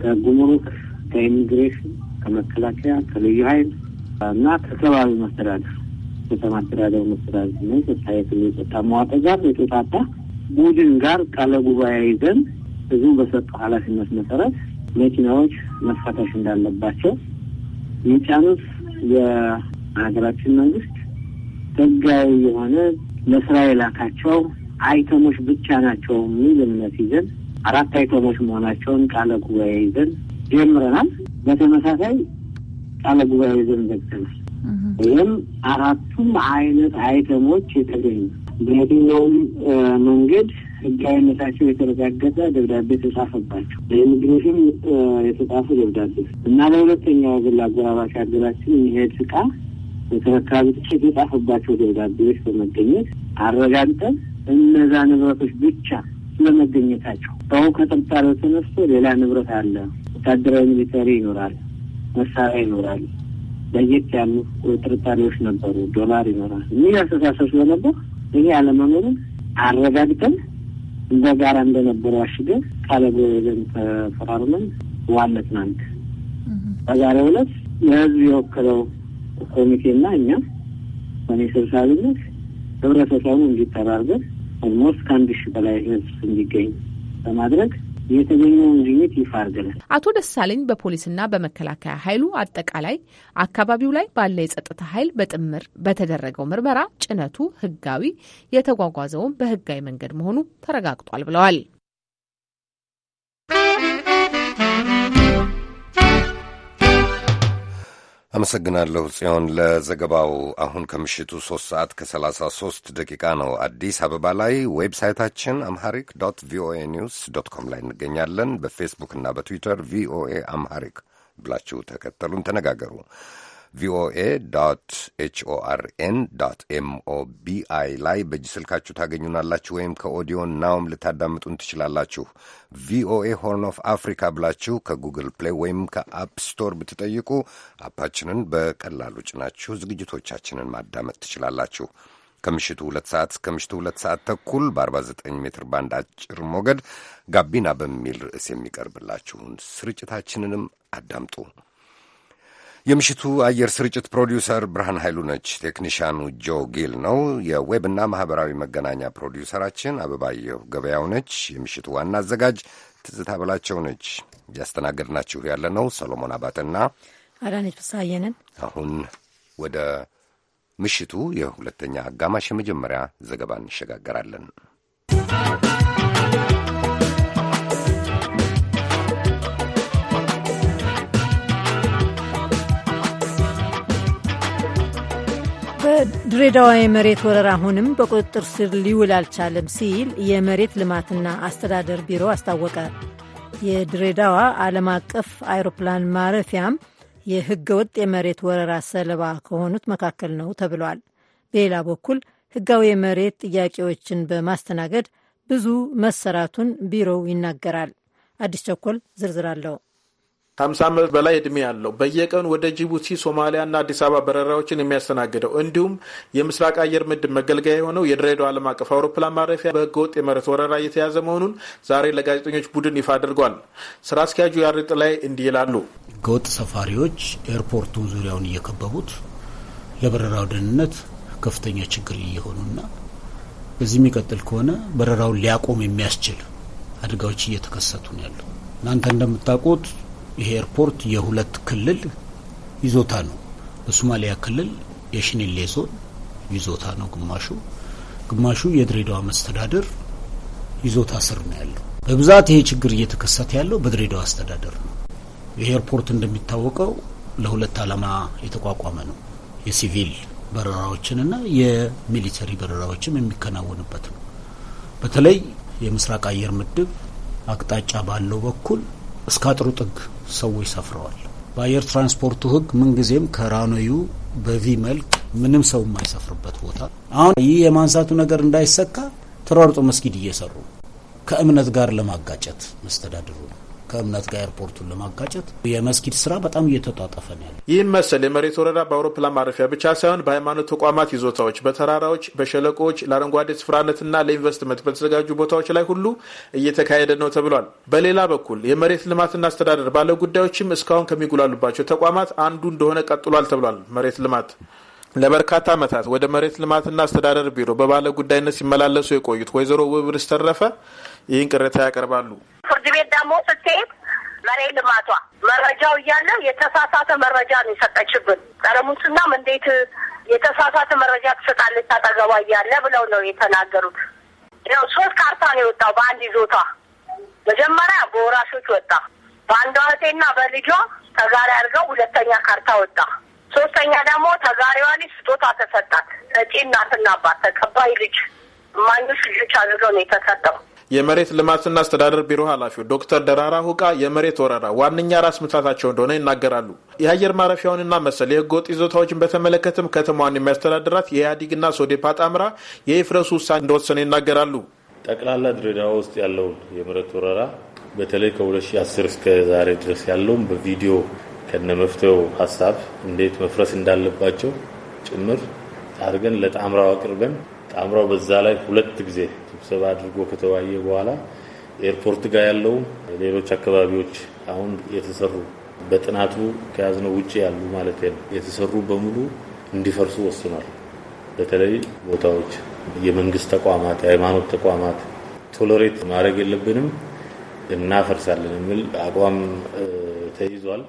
ከጉምሩክ፣ ከኢሚግሬሽን፣ ከመከላከያ፣ ከልዩ ኃይል እና ከከባቢ መስተዳደር ከተማ አስተዳደር መስተዳደር ስታየት የጸጥታ መዋቅር ጋር የተውጣጣ ቡድን ጋር ቃለ ጉባኤ ይዘን ህዝቡ በሰጠው ኃላፊነት መሰረት መኪናዎች መፈተሽ እንዳለባቸው የጫኑት የሀገራችን መንግስት ህጋዊ የሆነ ለስራ የላካቸው አይተሞች ብቻ ናቸው የሚል እምነት ይዘን አራት አይተሞች መሆናቸውን ቃለ ጉባኤ ይዘን ጀምረናል። በተመሳሳይ ቃለ ጉባኤ ይዘን ዘግተናል። ይህም አራቱም አይነት አይተሞች የተገኙ በየትኛውም መንገድ ህጋዊነታቸው የተረጋገጠ ደብዳቤ ተጻፈባቸው በኢሚግሬሽን የተጻፉ ደብዳቤ እና ለሁለተኛ ወገን ለአጎራባች ሀገራችን የሚሄድ እቃ የተረካቢ ጥቂት የጻፈባቸው ደብዳቤዎች በመገኘት አረጋግጠን እነዛ ንብረቶች ብቻ ስለመገኘታቸው በአሁን ከጥርጣሬው ተነስቶ ሌላ ንብረት አለ፣ ወታደራዊ ሚሊተሪ ይኖራል፣ መሳሪያ ይኖራል፣ ለየት ያሉ ጥርጣሬዎች ነበሩ፣ ዶላር ይኖራል የሚል አስተሳሰብ ስለነበር ይሄ አለመኖሩን አረጋግጠን በጋራ እንደነበረ አሽገን ቃለ ጎዘን ተፈራርመን ዋለት ትናንት በዛሬ ዕለት ለህዝብ የወከለው ኮሚቴና እኛ እኔ ሰብሳቢነት ህብረተሰቡ እንዲተባበር ኦልሞስት ከአንድ ሺህ በላይ ህዝብ እንዲገኝ በማድረግ የተገኘውን ግኝት ይፋ አድርገናል። አቶ ደሳለኝ በፖሊስና በመከላከያ ኃይሉ አጠቃላይ አካባቢው ላይ ባለ የጸጥታ ኃይል በጥምር በተደረገው ምርመራ ጭነቱ ህጋዊ የተጓጓዘውን በህጋዊ መንገድ መሆኑ ተረጋግጧል ብለዋል። አመሰግናለሁ ጽዮን ለዘገባው። አሁን ከምሽቱ 3 ሰዓት ከ33 ደቂቃ ነው አዲስ አበባ ላይ። ዌብሳይታችን አምሃሪክ ዶት ቪኦኤ ኒውስ ዶት ኮም ላይ እንገኛለን። በፌስቡክ እና በትዊተር ቪኦኤ አምሃሪክ ብላችሁ ተከተሉን፣ ተነጋገሩ። ቪኦኤ ዶት ኤችኦአርኤን ዶት ኤምኦቢአይ ላይ በእጅ ስልካችሁ ታገኙናላችሁ፣ ወይም ከኦዲዮ ናውም ልታዳምጡን ትችላላችሁ። ቪኦኤ ሆርን ኦፍ አፍሪካ ብላችሁ ከጉግል ፕሌይ ወይም ከአፕ ስቶር ብትጠይቁ አፓችንን በቀላሉ ጭናችሁ ዝግጅቶቻችንን ማዳመጥ ትችላላችሁ። ከምሽቱ ሁለት ሰዓት እስከ ምሽቱ ሁለት ሰዓት ተኩል በ49 ሜትር ባንድ አጭር ሞገድ ጋቢና በሚል ርዕስ የሚቀርብላችሁን ስርጭታችንንም አዳምጡ። የምሽቱ አየር ስርጭት ፕሮዲውሰር ብርሃን ኃይሉ ነች። ቴክኒሻኑ ጆ ጊል ነው። የዌብና ማኅበራዊ መገናኛ ፕሮዲውሰራችን አበባየሁ ገበያው ነች። የምሽቱ ዋና አዘጋጅ ትዝታ በላቸው ነች። እያስተናገድናችሁ ያለ ነው ሰሎሞን አባትና አዳነች ብሳየንን። አሁን ወደ ምሽቱ የሁለተኛ አጋማሽ የመጀመሪያ ዘገባ እንሸጋገራለን። የድሬዳዋ የመሬት ወረራ አሁንም በቁጥጥር ስር ሊውል አልቻለም ሲል የመሬት ልማትና አስተዳደር ቢሮ አስታወቀ። የድሬዳዋ ዓለም አቀፍ አይሮፕላን ማረፊያም የህገወጥ ወጥ የመሬት ወረራ ሰለባ ከሆኑት መካከል ነው ተብሏል። በሌላ በኩል ህጋዊ የመሬት ጥያቄዎችን በማስተናገድ ብዙ መሰራቱን ቢሮው ይናገራል። አዲስ ቸኮል ዝርዝር አለው። ከሀምሳ ዓመት በላይ ዕድሜ ያለው በየቀኑ ወደ ጅቡቲ፣ ሶማሊያና አዲስ አበባ በረራዎችን የሚያስተናግደው እንዲሁም የምስራቅ አየር ምድብ መገልገያ የሆነው የድሬዳዋ ዓለም አቀፍ አውሮፕላን ማረፊያ በህገወጥ የመሬት ወረራ እየተያዘ መሆኑን ዛሬ ለጋዜጠኞች ቡድን ይፋ አድርጓል። ስራ አስኪያጁ ያርጥ ላይ እንዲህ ይላሉ። ህገወጥ ሰፋሪዎች ኤርፖርቱ ዙሪያውን እየከበቡት ለበረራው ደህንነት ከፍተኛ ችግር እየሆኑና በዚህ የሚቀጥል ከሆነ በረራውን ሊያቆም የሚያስችል አደጋዎች እየተከሰቱ ነው ያለው እናንተ እንደምታውቁት ይሄ ኤርፖርት የሁለት ክልል ይዞታ ነው። በሶማሊያ ክልል የሽኔሌ ዞን ይዞታ ነው ግማሹ፣ ግማሹ የድሬዳዋ መስተዳደር ይዞታ ስር ነው ያለው። በብዛት ይሄ ችግር እየተከሰተ ያለው በድሬዳዋ አስተዳደር ነው። ይሄ ኤርፖርት እንደሚታወቀው ለሁለት ዓላማ የተቋቋመ ነው። የሲቪል በረራዎችንና የሚሊተሪ በረራዎችም የሚከናወንበት ነው። በተለይ የምስራቅ አየር ምድብ አቅጣጫ ባለው በኩል እስከ አጥሩ ጥግ ሰዎች ሰፍረዋል። በአየር ትራንስፖርቱ ህግ ምንጊዜም ከራኖዩ በቪ መልክ ምንም ሰው የማይሰፍርበት ቦታ አሁን ይህ የማንሳቱ ነገር እንዳይሰካ ተሯርጦ መስጊድ እየሰሩ ከእምነት ጋር ለማጋጨት መስተዳድሩ ነው። ከእምነት ጋር ኤርፖርቱን ለማጋጨት የመስጊድ ስራ በጣም እየተጧጠፈ ነው ያለ። ይህም መሰል የመሬት ወረዳ በአውሮፕላን ማረፊያ ብቻ ሳይሆን በሃይማኖት ተቋማት ይዞታዎች፣ በተራራዎች፣ በሸለቆዎች፣ ለአረንጓዴ ስፍራነትና ለኢንቨስትመንት በተዘጋጁ ቦታዎች ላይ ሁሉ እየተካሄደ ነው ተብሏል። በሌላ በኩል የመሬት ልማትና አስተዳደር ባለ ጉዳዮችም እስካሁን ከሚጉላሉባቸው ተቋማት አንዱ እንደሆነ ቀጥሏል ተብሏል። መሬት ልማት ለበርካታ ዓመታት ወደ መሬት ልማትና አስተዳደር ቢሮ በባለ ጉዳይነት ሲመላለሱ የቆዩት ወይዘሮ ውብር ስተረፈ ይህን ቅሬታ ያቀርባሉ። እዚህ ቤት ደግሞ ስትሄድ መሬ ልማቷ መረጃው እያለ የተሳሳተ መረጃ ነው የሰጠችብን። ጸረ ሙስናም እንዴት የተሳሳተ መረጃ ትሰጣለች ታጠገቧ እያለ ብለው ነው የተናገሩት። ያው ሶስት ካርታ ነው የወጣው በአንድ ይዞታ። መጀመሪያ በወራሾች ወጣ፣ በአንዷ እህቴና በልጇ ተጋሪ አድርገው ሁለተኛ ካርታ ወጣ። ሶስተኛ ደግሞ ተጋሪዋ ልጅ ስጦታ ተሰጣት። ሰጪ እናትና አባት፣ ተቀባይ ልጅ፣ እማኞች ልጆች አድርገው ነው የተሰጠው። የመሬት ልማትና አስተዳደር ቢሮ ኃላፊው ዶክተር ደራራ ሁቃ የመሬት ወረራ ዋነኛ ራስ ምታታቸው እንደሆነ ይናገራሉ። የአየር ማረፊያውንና መሰል ወጥ ይዞታዎችን በተመለከተም ከተማዋን የሚያስተዳድራት የኢህአዴግና ሶዴፓ ጣምራ የይፍረሱ ውሳኔ እንደወሰነ ይናገራሉ። ጠቅላላ ድሬዳዋ ውስጥ ያለውን የመሬት ወረራ በተለይ ከ2010 እስከ ዛሬ ድረስ ያለውን በቪዲዮ ከነመፍትሄው ሀሳብ እንዴት መፍረስ እንዳለባቸው ጭምር አድርገን ለጣምራው አቅርበን ጣምራው በዛ ላይ ሁለት ጊዜ ስብሰባ አድርጎ ከተወያየ በኋላ ኤርፖርት ጋር ያለው ሌሎች አካባቢዎች አሁን የተሰሩ በጥናቱ ከያዝነው ውጭ ያሉ ማለት ነው የተሰሩ በሙሉ እንዲፈርሱ ወስኗል። በተለይ ቦታዎች፣ የመንግስት ተቋማት፣ የሃይማኖት ተቋማት ቶሎሬት ማድረግ የለብንም እናፈርሳለን የሚል አቋም ተይዟል።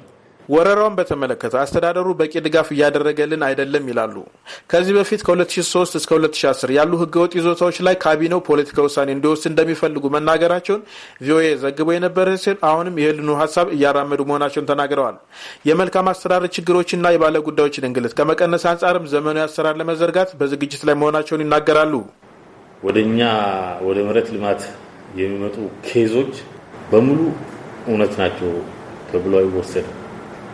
ወረራውን በተመለከተ አስተዳደሩ በቂ ድጋፍ እያደረገልን አይደለም ይላሉ። ከዚህ በፊት ከ2003 እስከ 2010 ያሉ ህገወጥ ይዞታዎች ላይ ካቢኔው ፖለቲካ ውሳኔ እንዲወስድ እንደሚፈልጉ መናገራቸውን ቪኦኤ ዘግቦ የነበረ ሲሆን አሁንም ይህልኑ ሀሳብ እያራመዱ መሆናቸውን ተናግረዋል። የመልካም አስተዳደር ችግሮችና የባለ ጉዳዮችን እንግልት ከመቀነስ አንጻርም ዘመናዊ አሰራር ለመዘርጋት በዝግጅት ላይ መሆናቸውን ይናገራሉ። ወደ እኛ ወደ መሬት ልማት የሚመጡ ኬዞች በሙሉ እውነት ናቸው ተብሎ አይወሰድም።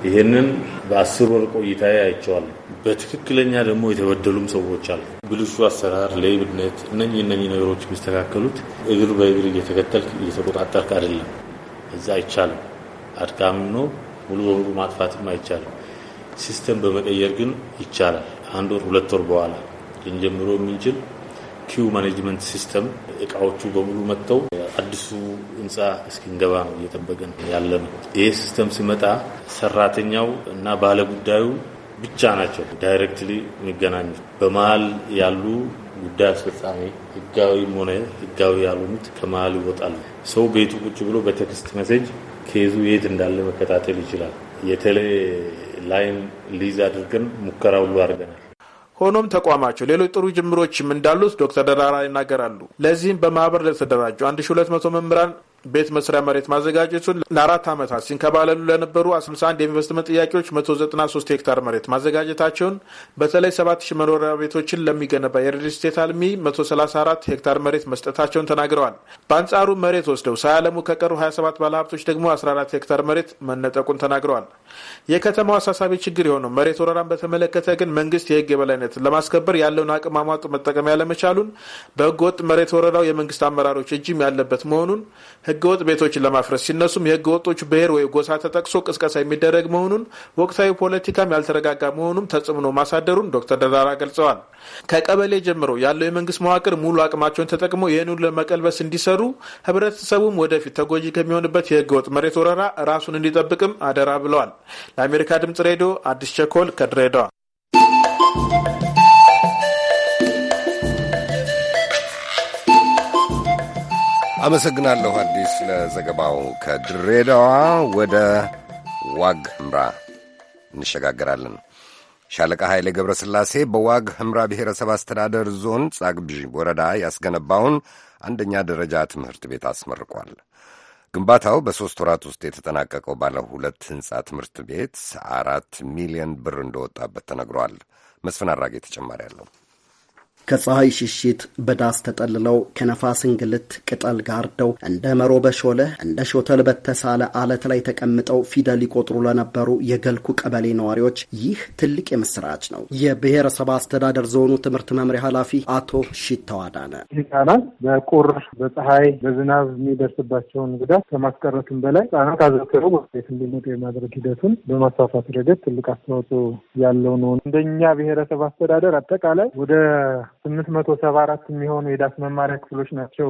ይህንን በአስር ወር ቆይታ አይቸዋል በትክክለኛ ደግሞ የተበደሉም ሰዎች አሉ። ብልሹ አሰራር፣ ሌብነት፣ እነኚህ እነኚህ ነገሮች የሚስተካከሉት እግር በእግር እየተከተል እየተቆጣጠርክ አይደለም። እዛ አይቻልም፣ አድካሚም ነው። ሙሉ በሙሉ ማጥፋትም አይቻልም። ሲስተም በመቀየር ግን ይቻላል። አንድ ወር ሁለት ወር በኋላ ልንጀምሮ የምንችል ኪው ማኔጅመንት ሲስተም እቃዎቹ በሙሉ መጥተው አዲሱ ህንፃ እስኪንገባ ነው እየጠበቀን ያለ ነው። ይሄ ሲስተም ሲመጣ ሰራተኛው እና ባለጉዳዩ ብቻ ናቸው ዳይሬክትሊ የሚገናኙት። በመሀል ያሉ ጉዳይ አስፈጻሚ ህጋዊም ሆነ ህጋዊ ያልሆኑት ከመሀል ይወጣሉ። ሰው ቤቱ ቁጭ ብሎ በቴክስት መሴጅ ኬዙ የት እንዳለ መከታተል ይችላል። የቴሌ ላይን ሊዝ አድርገን ሙከራ ሁሉ አድርገናል። ሆኖም ተቋማቸው ሌሎች ጥሩ ጅምሮችም እንዳሉት ዶክተር ደራራ ይናገራሉ። ለዚህም በማህበር ለተደራጁ 1200 መምህራን ቤት መስሪያ መሬት ማዘጋጀቱን ለአራት ዓመታት ሲንከባለሉ ለነበሩ 11 የኢንቨስትመንት ጥያቄዎች 193 ሄክታር መሬት ማዘጋጀታቸውን በተለይ 7000 መኖሪያ ቤቶችን ለሚገነባ የሪል ስቴት አልሚ 134 ሄክታር መሬት መስጠታቸውን ተናግረዋል። በአንጻሩ መሬት ወስደው ሳያለሙ ከቀሩ 27 ባለሀብቶች ደግሞ 14 ሄክታር መሬት መነጠቁን ተናግረዋል። የከተማው አሳሳቢ ችግር የሆነው መሬት ወረራን በተመለከተ ግን መንግስት የህግ የበላይነት ለማስከበር ያለውን አቅም አሟጦ መጠቀም ያለመቻሉን በህገ ወጥ መሬት ወረራው የመንግስት አመራሮች እጅም ያለበት መሆኑን ህገ ወጥ ቤቶችን ለማፍረስ ሲነሱም የህገ ወጦች ብሔር ወይ ጎሳ ተጠቅሶ ቅስቀሳ የሚደረግ መሆኑን፣ ወቅታዊ ፖለቲካም ያልተረጋጋ መሆኑም ተጽዕኖ ማሳደሩን ዶክተር ደራራ ገልጸዋል። ከቀበሌ ጀምሮ ያለው የመንግስት መዋቅር ሙሉ አቅማቸውን ተጠቅሞ ይህንን ለመቀልበስ እንዲሰሩ፣ ህብረተሰቡም ወደፊት ተጎጂ ከሚሆንበት የህገ ወጥ መሬት ወረራ ራሱን እንዲጠብቅም አደራ ብለዋል። ለአሜሪካ ድምጽ ሬዲዮ አዲስ ቸኮል ከድሬዳዋ አመሰግናለሁ አዲስ ለዘገባው። ከድሬዳዋ ወደ ዋግ ህምራ እንሸጋገራለን። ሻለቃ ኃይሌ ገብረ ሥላሴ በዋግ ህምራ ብሔረሰብ አስተዳደር ዞን ጻግብዥ ወረዳ ያስገነባውን አንደኛ ደረጃ ትምህርት ቤት አስመርቋል። ግንባታው በሦስት ወራት ውስጥ የተጠናቀቀው ባለ ሁለት ሕንፃ ትምህርት ቤት አራት ሚሊዮን ብር እንደወጣበት ተነግሯል። መስፍን አራጌ ተጨማሪ አለው። ከፀሐይ ሽሽት በዳስ ተጠልለው ከነፋስ እንግልት ቅጠል ጋርደው እንደ መሮ በሾለ እንደ ሾተል በተሳለ አለት ላይ ተቀምጠው ፊደል ይቆጥሩ ለነበሩ የገልኩ ቀበሌ ነዋሪዎች ይህ ትልቅ የምስራች ነው። የብሔረሰብ አስተዳደር ዞኑ ትምህርት መምሪያ ኃላፊ አቶ ሽተው አዳነ ህጻናት በቁር በፀሐይ በዝናብ የሚደርስባቸውን ጉዳት ከማስቀረትም በላይ ህጻናት አዘውትረው ቤት እንዲመጡ የማድረግ ሂደቱን በማስፋፋት ረገድ ትልቅ አስተዋጽኦ ያለው ነው። እንደኛ ብሔረሰብ አስተዳደር አጠቃላይ ወደ ስምንት መቶ ሰባ አራት የሚሆኑ የዳስ መማሪያ ክፍሎች ናቸው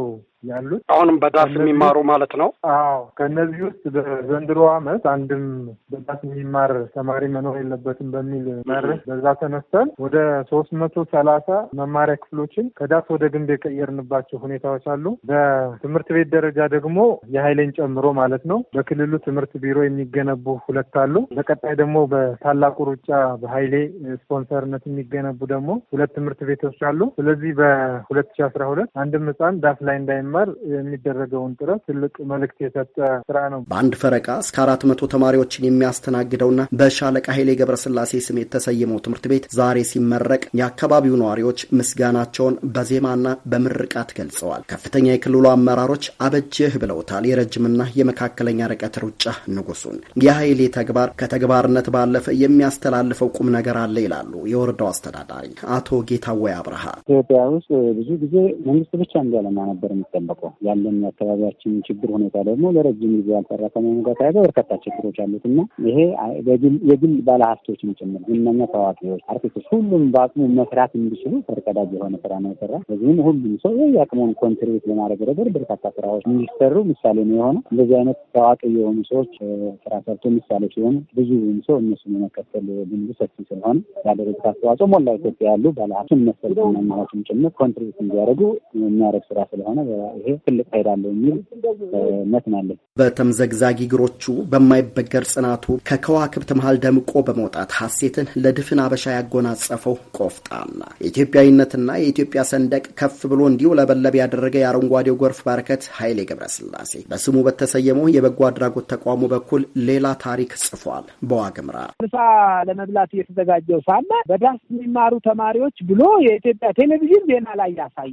ያሉት አሁንም በዳስ የሚማሩ ማለት ነው። አዎ ከእነዚህ ውስጥ በዘንድሮ ዓመት አንድም በዳስ የሚማር ተማሪ መኖር የለበትም በሚል መርህ በዛ ተነስተን ወደ ሶስት መቶ ሰላሳ መማሪያ ክፍሎችን ከዳስ ወደ ግንብ የቀየርንባቸው ሁኔታዎች አሉ። በትምህርት ቤት ደረጃ ደግሞ የሀይሌን ጨምሮ ማለት ነው በክልሉ ትምህርት ቢሮ የሚገነቡ ሁለት አሉ። በቀጣይ ደግሞ በታላቁ ሩጫ በሀይሌ ስፖንሰርነት የሚገነቡ ደግሞ ሁለት ትምህርት ቤቶች አሉ። ስለዚህ በሁለት ሺ አስራ ሁለት አንድም ህፃን ዳስ ላይ እንዳይ ለመጨመር የሚደረገውን ጥረት ትልቅ መልእክት የሰጠ ስራ ነው። በአንድ ፈረቃ እስከ አራት መቶ ተማሪዎችን የሚያስተናግደውና በሻለቃ ኃይሌ ገብረስላሴ ስም የተሰየመው ትምህርት ቤት ዛሬ ሲመረቅ የአካባቢው ነዋሪዎች ምስጋናቸውን በዜማና በምርቃት ገልጸዋል። ከፍተኛ የክልሉ አመራሮች አበጀህ ብለውታል። የረጅምና የመካከለኛ ርቀት ሩጫ ንጉሱን የኃይሌ ተግባር ከተግባርነት ባለፈ የሚያስተላልፈው ቁም ነገር አለ ይላሉ የወረዳው አስተዳዳሪ አቶ ጌታወይ አብርሃ። ኢትዮጵያ ውስጥ ብዙ ጊዜ መንግስት ብቻ እንዲያለማ ነበር የሚጠበቀው። ያለን የአካባቢያችን ችግር ሁኔታ ደግሞ ለረጅም ጊዜ ያልሰራ ከመሆኑ ጋር ተያይዞ በርካታ ችግሮች አሉት እና ይሄ የግል ባለሀብቶችን ጭምር ዝነኛ ታዋቂዎች፣ አርቲስቶች ሁሉም በአቅሙ መስራት እንዲችሉ ፈርቀዳጅ የሆነ ስራ ነው የሰራ። በዚህም ሁሉም ሰው ይህ የአቅሙን ኮንትሪቢዩት ለማድረግ ረገድ በርካታ ስራዎች እንዲሰሩ ምሳሌ ነው የሆነ እንደዚህ አይነት ታዋቂ የሆኑ ሰዎች ስራ ሰርቶ ምሳሌ ሲሆኑ ብዙ ሰው እነሱን የመከተል ልምዱ ሰፊ ስለሆነ ያደረጉት አስተዋጽኦ ሞላ ኢትዮጵያ ያሉ ባለሀብትን መሰል ዝነኛዎችን ጭምር ኮንትሪቢዩት እንዲያደርጉ የሚያደርግ ስራ ስለሆነ ይሄ ትልቅ ፋይዳ አለው የሚል እምነት በተምዘግዛጊ እግሮቹ በማይበገር ጽናቱ ከከዋክብት መሃል ደምቆ በመውጣት ሀሴትን ለድፍን አበሻ ያጎናጸፈው ቆፍጣና የኢትዮጵያዊነትና የኢትዮጵያ ሰንደቅ ከፍ ብሎ እንዲውለበለብ ያደረገ የአረንጓዴው ጎርፍ በረከት ኃይሌ ገብረስላሴ በስሙ በተሰየመው የበጎ አድራጎት ተቋሙ በኩል ሌላ ታሪክ ጽፏል። በዋግምራ ምሳ ለመብላት እየተዘጋጀው ሳለ በዳስ የሚማሩ ተማሪዎች ብሎ የኢትዮጵያ ቴሌቪዥን ዜና ላይ ያሳያል።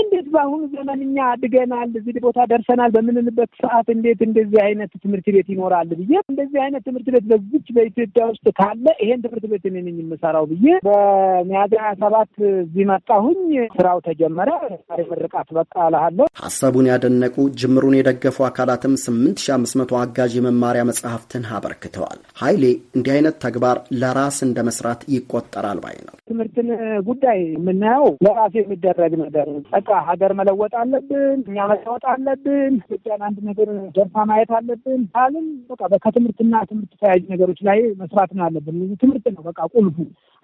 እንዴት በአሁኑ ዘመን እኛ አድገናል፣ እዚህ ቦታ ደርሰናል በምንልበት ሰዓት እንዴት እንደዚህ አይነት ትምህርት ቤት ይኖራል ብዬ እንደዚህ አይነት ትምህርት ቤት በዚች በኢትዮጵያ ውስጥ ካለ ይሄን ትምህርት ቤት እኔ ነኝ የምሰራው ብዬ በሚያዝያ ሰባት እዚህ መጣሁኝ። ስራው ተጀመረ። ዛሬ ምርቃት በቃ እልሃለሁ። ሀሳቡን ያደነቁ ጅምሩን የደገፉ አካላትም ስምንት ሺ አምስት መቶ አጋዥ የመማሪያ መጽሐፍትን አበርክተዋል። ሀይሌ እንዲህ አይነት ተግባር ለራስ እንደ መስራት ይቆጠራል ባይ ነው። ትምህርትን ጉዳይ የምናየው ለራሴ የሚደረግ ነገር በቃ ሀገር መለወጥ አለብን አለብን፣ እኛ መለወጥ አለብን፣ ኢትዮጵያን አንድ ነገር ደርሳ ማየት አለብን አልን። በቃ ከትምህርትና ትምህርት ተያያዥ ነገሮች ላይ መስራት ነው አለብን። ትምህርት ነው በቃ ቁልፉ።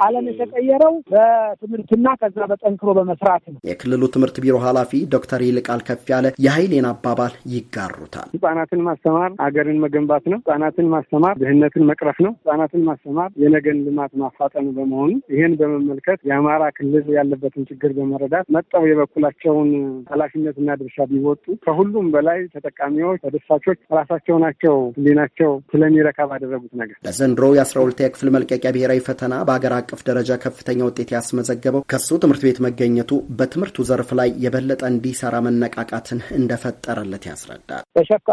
ዓለም የተቀየረው በትምህርትና ከዛ በጠንክሮ በመስራት ነው። የክልሉ ትምህርት ቢሮ ኃላፊ ዶክተር ይልቃል ከፍ ያለ የሀይሌን አባባል ይጋሩታል። ህጻናትን ማስተማር አገርን መገንባት ነው። ህጻናትን ማስተማር ድህነትን መቅረፍ ነው። ህጻናትን ማስተማር የነገን ልማት ማፋጠን በመሆኑ ይህን በመመልከት የአማራ ክልል ያለበትን ችግር በመረዳት መጠው የበኩላቸውን ኃላፊነት ኃላፊነትና ድርሻ ቢወጡ ከሁሉም በላይ ተጠቃሚዎች፣ ተደሳቾች ራሳቸው ናቸው። ህሊናቸው ስለሚረካ ባደረጉት ነገር ለዘንድሮ የአስራ ሁለተኛ ክፍል መልቀቂያ ብሔራዊ ፈተና በሀገር አቀፍ ደረጃ ከፍተኛ ውጤት ያስመዘገበው ከሱ ትምህርት ቤት መገኘቱ በትምህርቱ ዘርፍ ላይ የበለጠ እንዲሰራ መነቃቃትን እንደፈጠረለት ያስረዳል። በሸካ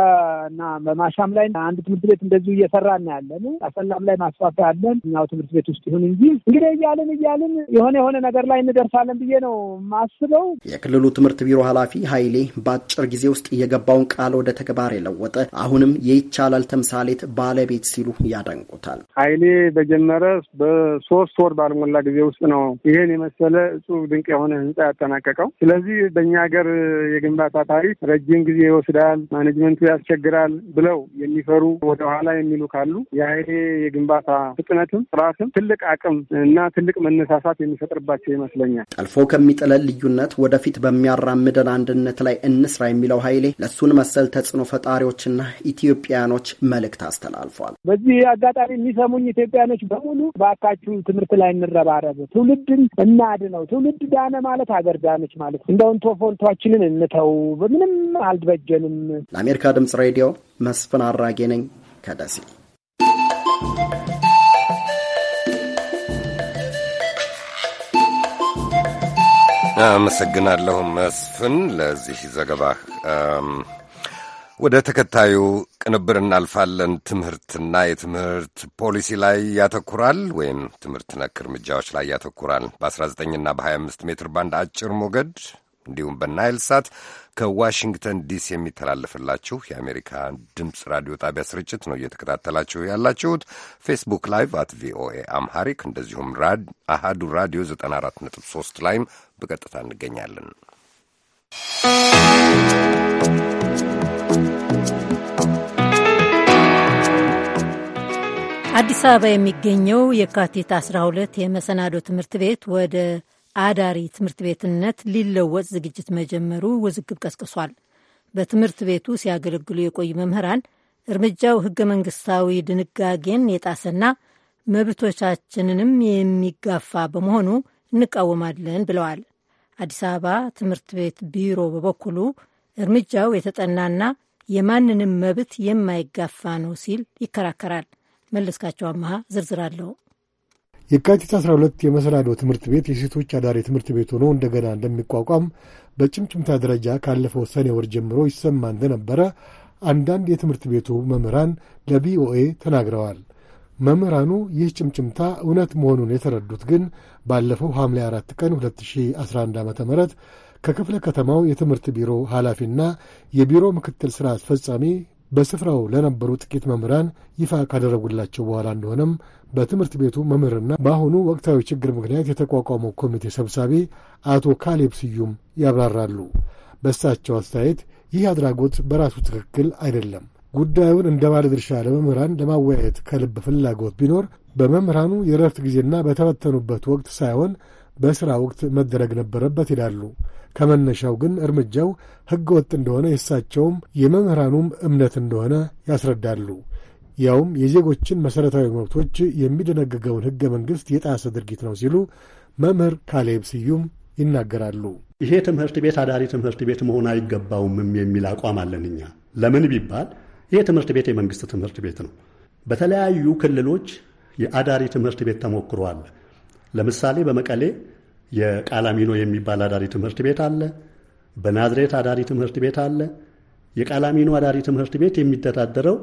እና በማሻም ላይ አንድ ትምህርት ቤት እንደዚሁ እየሰራ እናያለን። አሰላም ላይ ማስፋፊያ አለን። እኛው ትምህርት ቤት ውስጥ ይሁን እንጂ እንግዲህ እያልን እያልን የሆነ የሆነ ነገር ላይ እንደርሳለን ብዬ ነው ማስበው። የክልሉ ትምህርት ቢሮ ኃላፊ ኃይሌ በአጭር ጊዜ ውስጥ የገባውን ቃል ወደ ተግባር የለወጠ አሁንም የይቻላል ተምሳሌት ባለቤት ሲሉ ያደንቁታል። ኃይሌ በጀመረ በሶስት ወር ባልሞላ ጊዜ ውስጥ ነው ይህን የመሰለ እጹብ ድንቅ የሆነ ህንፃ ያጠናቀቀው። ስለዚህ በእኛ ሀገር የግንባታ ታሪክ ረጅም ጊዜ ይወስዳል፣ ማኔጅመንቱ ያስቸግራል ብለው የሚፈሩ ወደኋላ የሚሉ ካሉ የኃይሌ የግንባታ ፍጥነትም ጥራትም ትልቅ አቅም እና ትልቅ መነሳሳት የሚፈጥርባቸው ይመስለኛል። ጠልፎ ከሚጥለን ልዩነት ወደፊት በሚያራምደን አንድነት በአንድነት ላይ እንስራ የሚለው ኃይሌ ለእሱን መሰል ተጽዕኖ ፈጣሪዎችና ኢትዮጵያኖች መልእክት አስተላልፏል። በዚህ አጋጣሚ የሚሰሙኝ ኢትዮጵያኖች በሙሉ በአካችሁ ትምህርት ላይ እንረባረብ፣ ትውልድን እናድነው። ትውልድ ዳነ ማለት አገር ዳነች ማለት እንደውን ቶፎልቷችንን እንተው፣ ምንም አልበጀንም። ለአሜሪካ ድምጽ ሬዲዮ መስፍን አራጌ ነኝ ከደሴ። አመሰግናለሁ መስፍን ለዚህ ዘገባ። ወደ ተከታዩ ቅንብር እናልፋለን። ትምህርትና የትምህርት ፖሊሲ ላይ ያተኩራል፣ ወይም ትምህርት ነክ እርምጃዎች ላይ ያተኩራል። በ19ና በ25 ሜትር ባንድ አጭር ሞገድ እንዲሁም በናይል ሳት ከዋሽንግተን ዲሲ የሚተላለፍላችሁ የአሜሪካ ድምፅ ራዲዮ ጣቢያ ስርጭት ነው እየተከታተላችሁ ያላችሁት። ፌስቡክ ላይቭ አት ቪኦኤ አምሃሪክ እንደዚሁም አሃዱ ራዲዮ 94.3 ላይም በቀጥታ እንገኛለን። አዲስ አበባ የሚገኘው የካቲት 12 የመሰናዶ ትምህርት ቤት ወደ አዳሪ ትምህርት ቤትነት ሊለወጥ ዝግጅት መጀመሩ ውዝግብ ቀስቅሷል። በትምህርት ቤቱ ሲያገለግሉ የቆዩ መምህራን እርምጃው ህገ መንግስታዊ ድንጋጌን የጣሰና መብቶቻችንንም የሚጋፋ በመሆኑ እንቃወማለን ብለዋል። አዲስ አበባ ትምህርት ቤት ቢሮ በበኩሉ እርምጃው የተጠናና የማንንም መብት የማይጋፋ ነው ሲል ይከራከራል። መለስካቸው አመሃ ዝርዝር አለው። የካቲት 12 የመሰናዶ ትምህርት ቤት የሴቶች አዳሪ ትምህርት ቤት ሆኖ እንደገና እንደሚቋቋም በጭምጭምታ ደረጃ ካለፈው ሰኔ ወር ጀምሮ ይሰማ እንደነበረ አንዳንድ የትምህርት ቤቱ መምህራን ለቪኦኤ ተናግረዋል። መምህራኑ ይህ ጭምጭምታ እውነት መሆኑን የተረዱት ግን ባለፈው ሐምሌ 4 ቀን 2011 ዓ ም ከክፍለ ከተማው የትምህርት ቢሮ ኃላፊና የቢሮ ምክትል ሥራ አስፈጻሚ በስፍራው ለነበሩ ጥቂት መምህራን ይፋ ካደረጉላቸው በኋላ እንደሆነም በትምህርት ቤቱ መምህርና በአሁኑ ወቅታዊ ችግር ምክንያት የተቋቋመው ኮሚቴ ሰብሳቢ አቶ ካሌብ ስዩም ያብራራሉ። በእሳቸው አስተያየት ይህ አድራጎት በራሱ ትክክል አይደለም። ጉዳዩን እንደ ባለ ድርሻ ለመምህራን ለማወያየት ከልብ ፍላጎት ቢኖር በመምህራኑ የረፍት ጊዜና በተበተኑበት ወቅት ሳይሆን በሥራ ወቅት መደረግ ነበረበት ይላሉ ከመነሻው ግን እርምጃው ሕገ ወጥ እንደሆነ የእሳቸውም የመምህራኑም እምነት እንደሆነ ያስረዳሉ። ያውም የዜጎችን መሠረታዊ መብቶች የሚደነግገውን ሕገ መንግሥት የጣሰ ድርጊት ነው ሲሉ መምህር ካሌብ ስዩም ይናገራሉ። ይሄ ትምህርት ቤት አዳሪ ትምህርት ቤት መሆን አይገባውምም የሚል አቋም አለን እኛ። ለምን ቢባል ይሄ ትምህርት ቤት የመንግሥት ትምህርት ቤት ነው። በተለያዩ ክልሎች የአዳሪ ትምህርት ቤት ተሞክሮ አለ። ለምሳሌ በመቀሌ የቃላሚኖ የሚባል አዳሪ ትምህርት ቤት አለ። በናዝሬት አዳሪ ትምህርት ቤት አለ። የቃላሚኖ አዳሪ ትምህርት ቤት የሚተዳደረው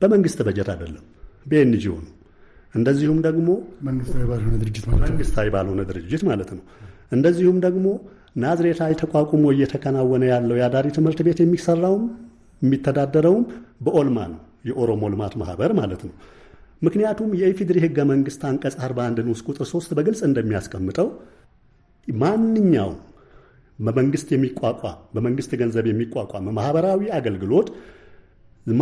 በመንግስት በጀት አይደለም፣ በኤንጂኦ ነው። እንደዚሁም ደግሞ መንግስታዊ ባልሆነ ድርጅት ማለት ነው። እንደዚሁም ደግሞ ናዝሬት ላይ ተቋቁሞ እየተከናወነ ያለው የአዳሪ ትምህርት ቤት የሚሰራውም የሚተዳደረውም በኦልማ ነው፣ የኦሮሞ ልማት ማህበር ማለት ነው። ምክንያቱም የኢፌዴሪ ህገ መንግስት አንቀጽ 41 ንዑስ ቁጥር 3 በግልጽ እንደሚያስቀምጠው ማንኛውም በመንግስት የሚቋቋም በመንግስት ገንዘብ የሚቋቋም ማህበራዊ አገልግሎት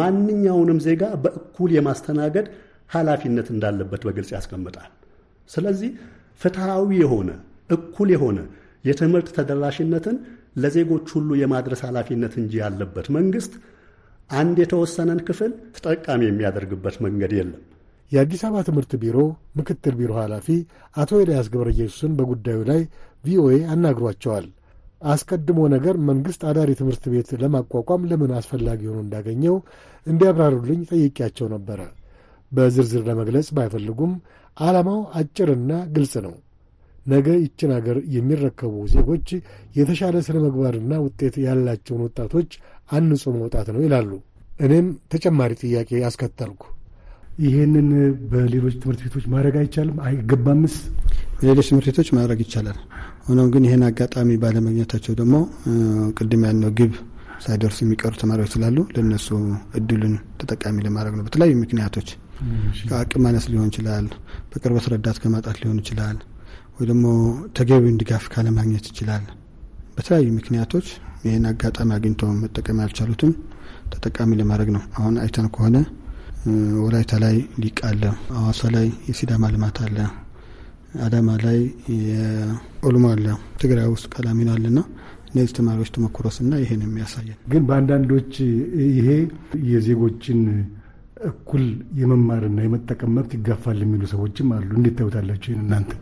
ማንኛውንም ዜጋ በእኩል የማስተናገድ ኃላፊነት እንዳለበት በግልጽ ያስቀምጣል። ስለዚህ ፍትሐዊ የሆነ እኩል የሆነ የትምህርት ተደራሽነትን ለዜጎች ሁሉ የማድረስ ኃላፊነት እንጂ ያለበት መንግስት አንድ የተወሰነን ክፍል ተጠቃሚ የሚያደርግበት መንገድ የለም። የአዲስ አበባ ትምህርት ቢሮ ምክትል ቢሮ ኃላፊ አቶ ኤልያስ ገብረ ኢየሱስን በጉዳዩ ላይ ቪኦኤ አናግሯቸዋል። አስቀድሞ ነገር መንግሥት አዳሪ ትምህርት ቤት ለማቋቋም ለምን አስፈላጊ ሆኖ እንዳገኘው እንዲያብራሩልኝ ጠይቄያቸው ነበረ። በዝርዝር ለመግለጽ ባይፈልጉም ዓላማው አጭርና ግልጽ ነው። ነገ ይችን አገር የሚረከቡ ዜጎች የተሻለ ሥነ ምግባርና ውጤት ያላቸውን ወጣቶች አንጹ መውጣት ነው ይላሉ። እኔም ተጨማሪ ጥያቄ አስከተልኩ። ይሄንን በሌሎች ትምህርት ቤቶች ማድረግ አይቻልም? አይገባምስ? በሌሎች ትምህርት ቤቶች ማድረግ ይቻላል። ሆኖም ግን ይህን አጋጣሚ ባለመግኘታቸው ደግሞ ቅድም ያልነው ግብ ሳይደርሱ የሚቀሩ ተማሪዎች ስላሉ ለነሱ እድሉን ተጠቃሚ ለማድረግ ነው። በተለያዩ ምክንያቶች ከአቅም ማነስ ሊሆን ይችላል፣ በቅርበት ረዳት ከማጣት ሊሆን ይችላል፣ ወይ ደግሞ ተገቢውን ድጋፍ ካለማግኘት ይችላል። በተለያዩ ምክንያቶች ይህን አጋጣሚ አግኝተው መጠቀም ያልቻሉትን ተጠቃሚ ለማድረግ ነው። አሁን አይተን ከሆነ ወላይታ ላይ ሊቅ አለ። አዋሳ ላይ የሲዳማ ልማት አለ። አዳማ ላይ የኦልሞ አለ። ትግራይ ውስጥ ቀላሚኖ አለና እነዚህ ተማሪዎች ተሞክሮስና ይሄን ነው የሚያሳየን። ግን በአንዳንዶች ይሄ የዜጎችን እኩል የመማርና የመጠቀም መብት ይጋፋል የሚሉ ሰዎችም አሉ። እንዴት ታዩታላችሁ ይህን እናንተ?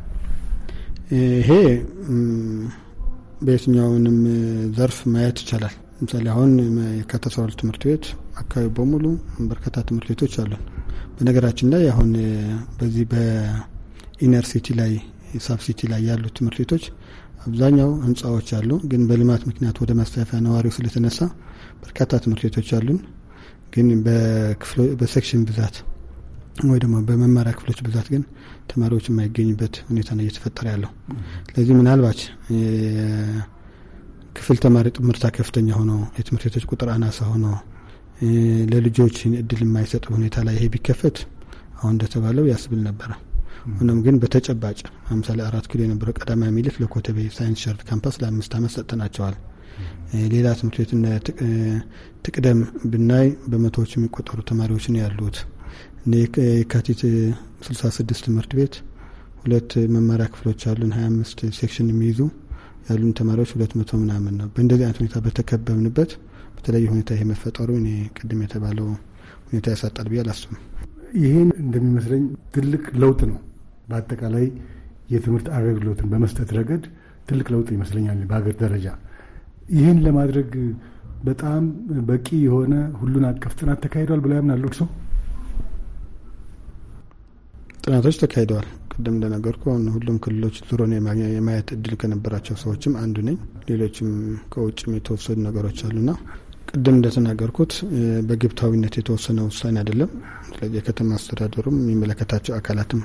ይሄ በየትኛውንም ዘርፍ ማየት ይቻላል። ለምሳሌ አሁን የካተሰዋል ትምህርት ቤት አካባቢ በሙሉ በርካታ ትምህርት ቤቶች አሉን። በነገራችን ላይ አሁን በዚህ በኢነር ሲቲ ላይ ሳብ ሲቲ ላይ ያሉ ትምህርት ቤቶች አብዛኛው ህንፃዎች አሉ፣ ግን በልማት ምክንያት ወደ ማስፋፊያ ነዋሪው ስለተነሳ በርካታ ትምህርት ቤቶች አሉን። ግን በሴክሽን ብዛት ወይ ደግሞ በመማሪያ ክፍሎች ብዛት ግን ተማሪዎች የማይገኝበት ሁኔታ ነው እየተፈጠረ ያለው። ስለዚህ ምናልባት ክፍል ተማሪ ጥምርታ ከፍተኛ ሆኖ የትምህርት ቤቶች ቁጥር አናሳ ሆኖ ለልጆች እድል የማይሰጥ ሁኔታ ላይ ይሄ ቢከፈት አሁን እንደተባለው ያስብል ነበረ። ሆኖም ግን በተጨባጭ ለምሳሌ አራት ኪሎ የነበረው ቀዳማዊ ምኒልክ ለኮተቤ ሳይንስ ሸርድ ካምፓስ ለአምስት ዓመት ሰጥተናቸዋል። ሌላ ትምህርት ቤት ትቅደም ብናይ በመቶዎች የሚቆጠሩ ተማሪዎች ነው ያሉት። የካቲት 66 ትምህርት ቤት ሁለት መማሪያ ክፍሎች አሉን፣ አምስት ሴክሽን የሚይዙ ያሉን ተማሪዎች ሁለት መቶ ምናምን ነው። በእንደዚህ አይነት ሁኔታ በተከበብንበት በተለያየ ሁኔታ ይሄ መፈጠሩ እኔ ቅድም የተባለው ሁኔታ ያሳጣል ብዬ አላስብም። ይህን እንደሚመስለኝ ትልቅ ለውጥ ነው። በአጠቃላይ የትምህርት አገልግሎትን በመስጠት ረገድ ትልቅ ለውጥ ይመስለኛል በሀገር ደረጃ። ይህን ለማድረግ በጣም በቂ የሆነ ሁሉን አቀፍ ጥናት ተካሂዷል ብላ ያምናለሁ ሰው ጥናቶች ተካሂደዋል። ቅድም እንደነገርኩ አሁን ሁሉም ክልሎች ዙሮን የማየት እድል ከነበራቸው ሰዎችም አንዱ ነኝ። ሌሎችም ከውጭም የተወሰዱ ነገሮች አሉና ቅድም እንደተናገርኩት በግብታዊነት የተወሰነ ውሳኔ አይደለም። ስለዚህ የከተማ አስተዳደሩም የሚመለከታቸው አካላትም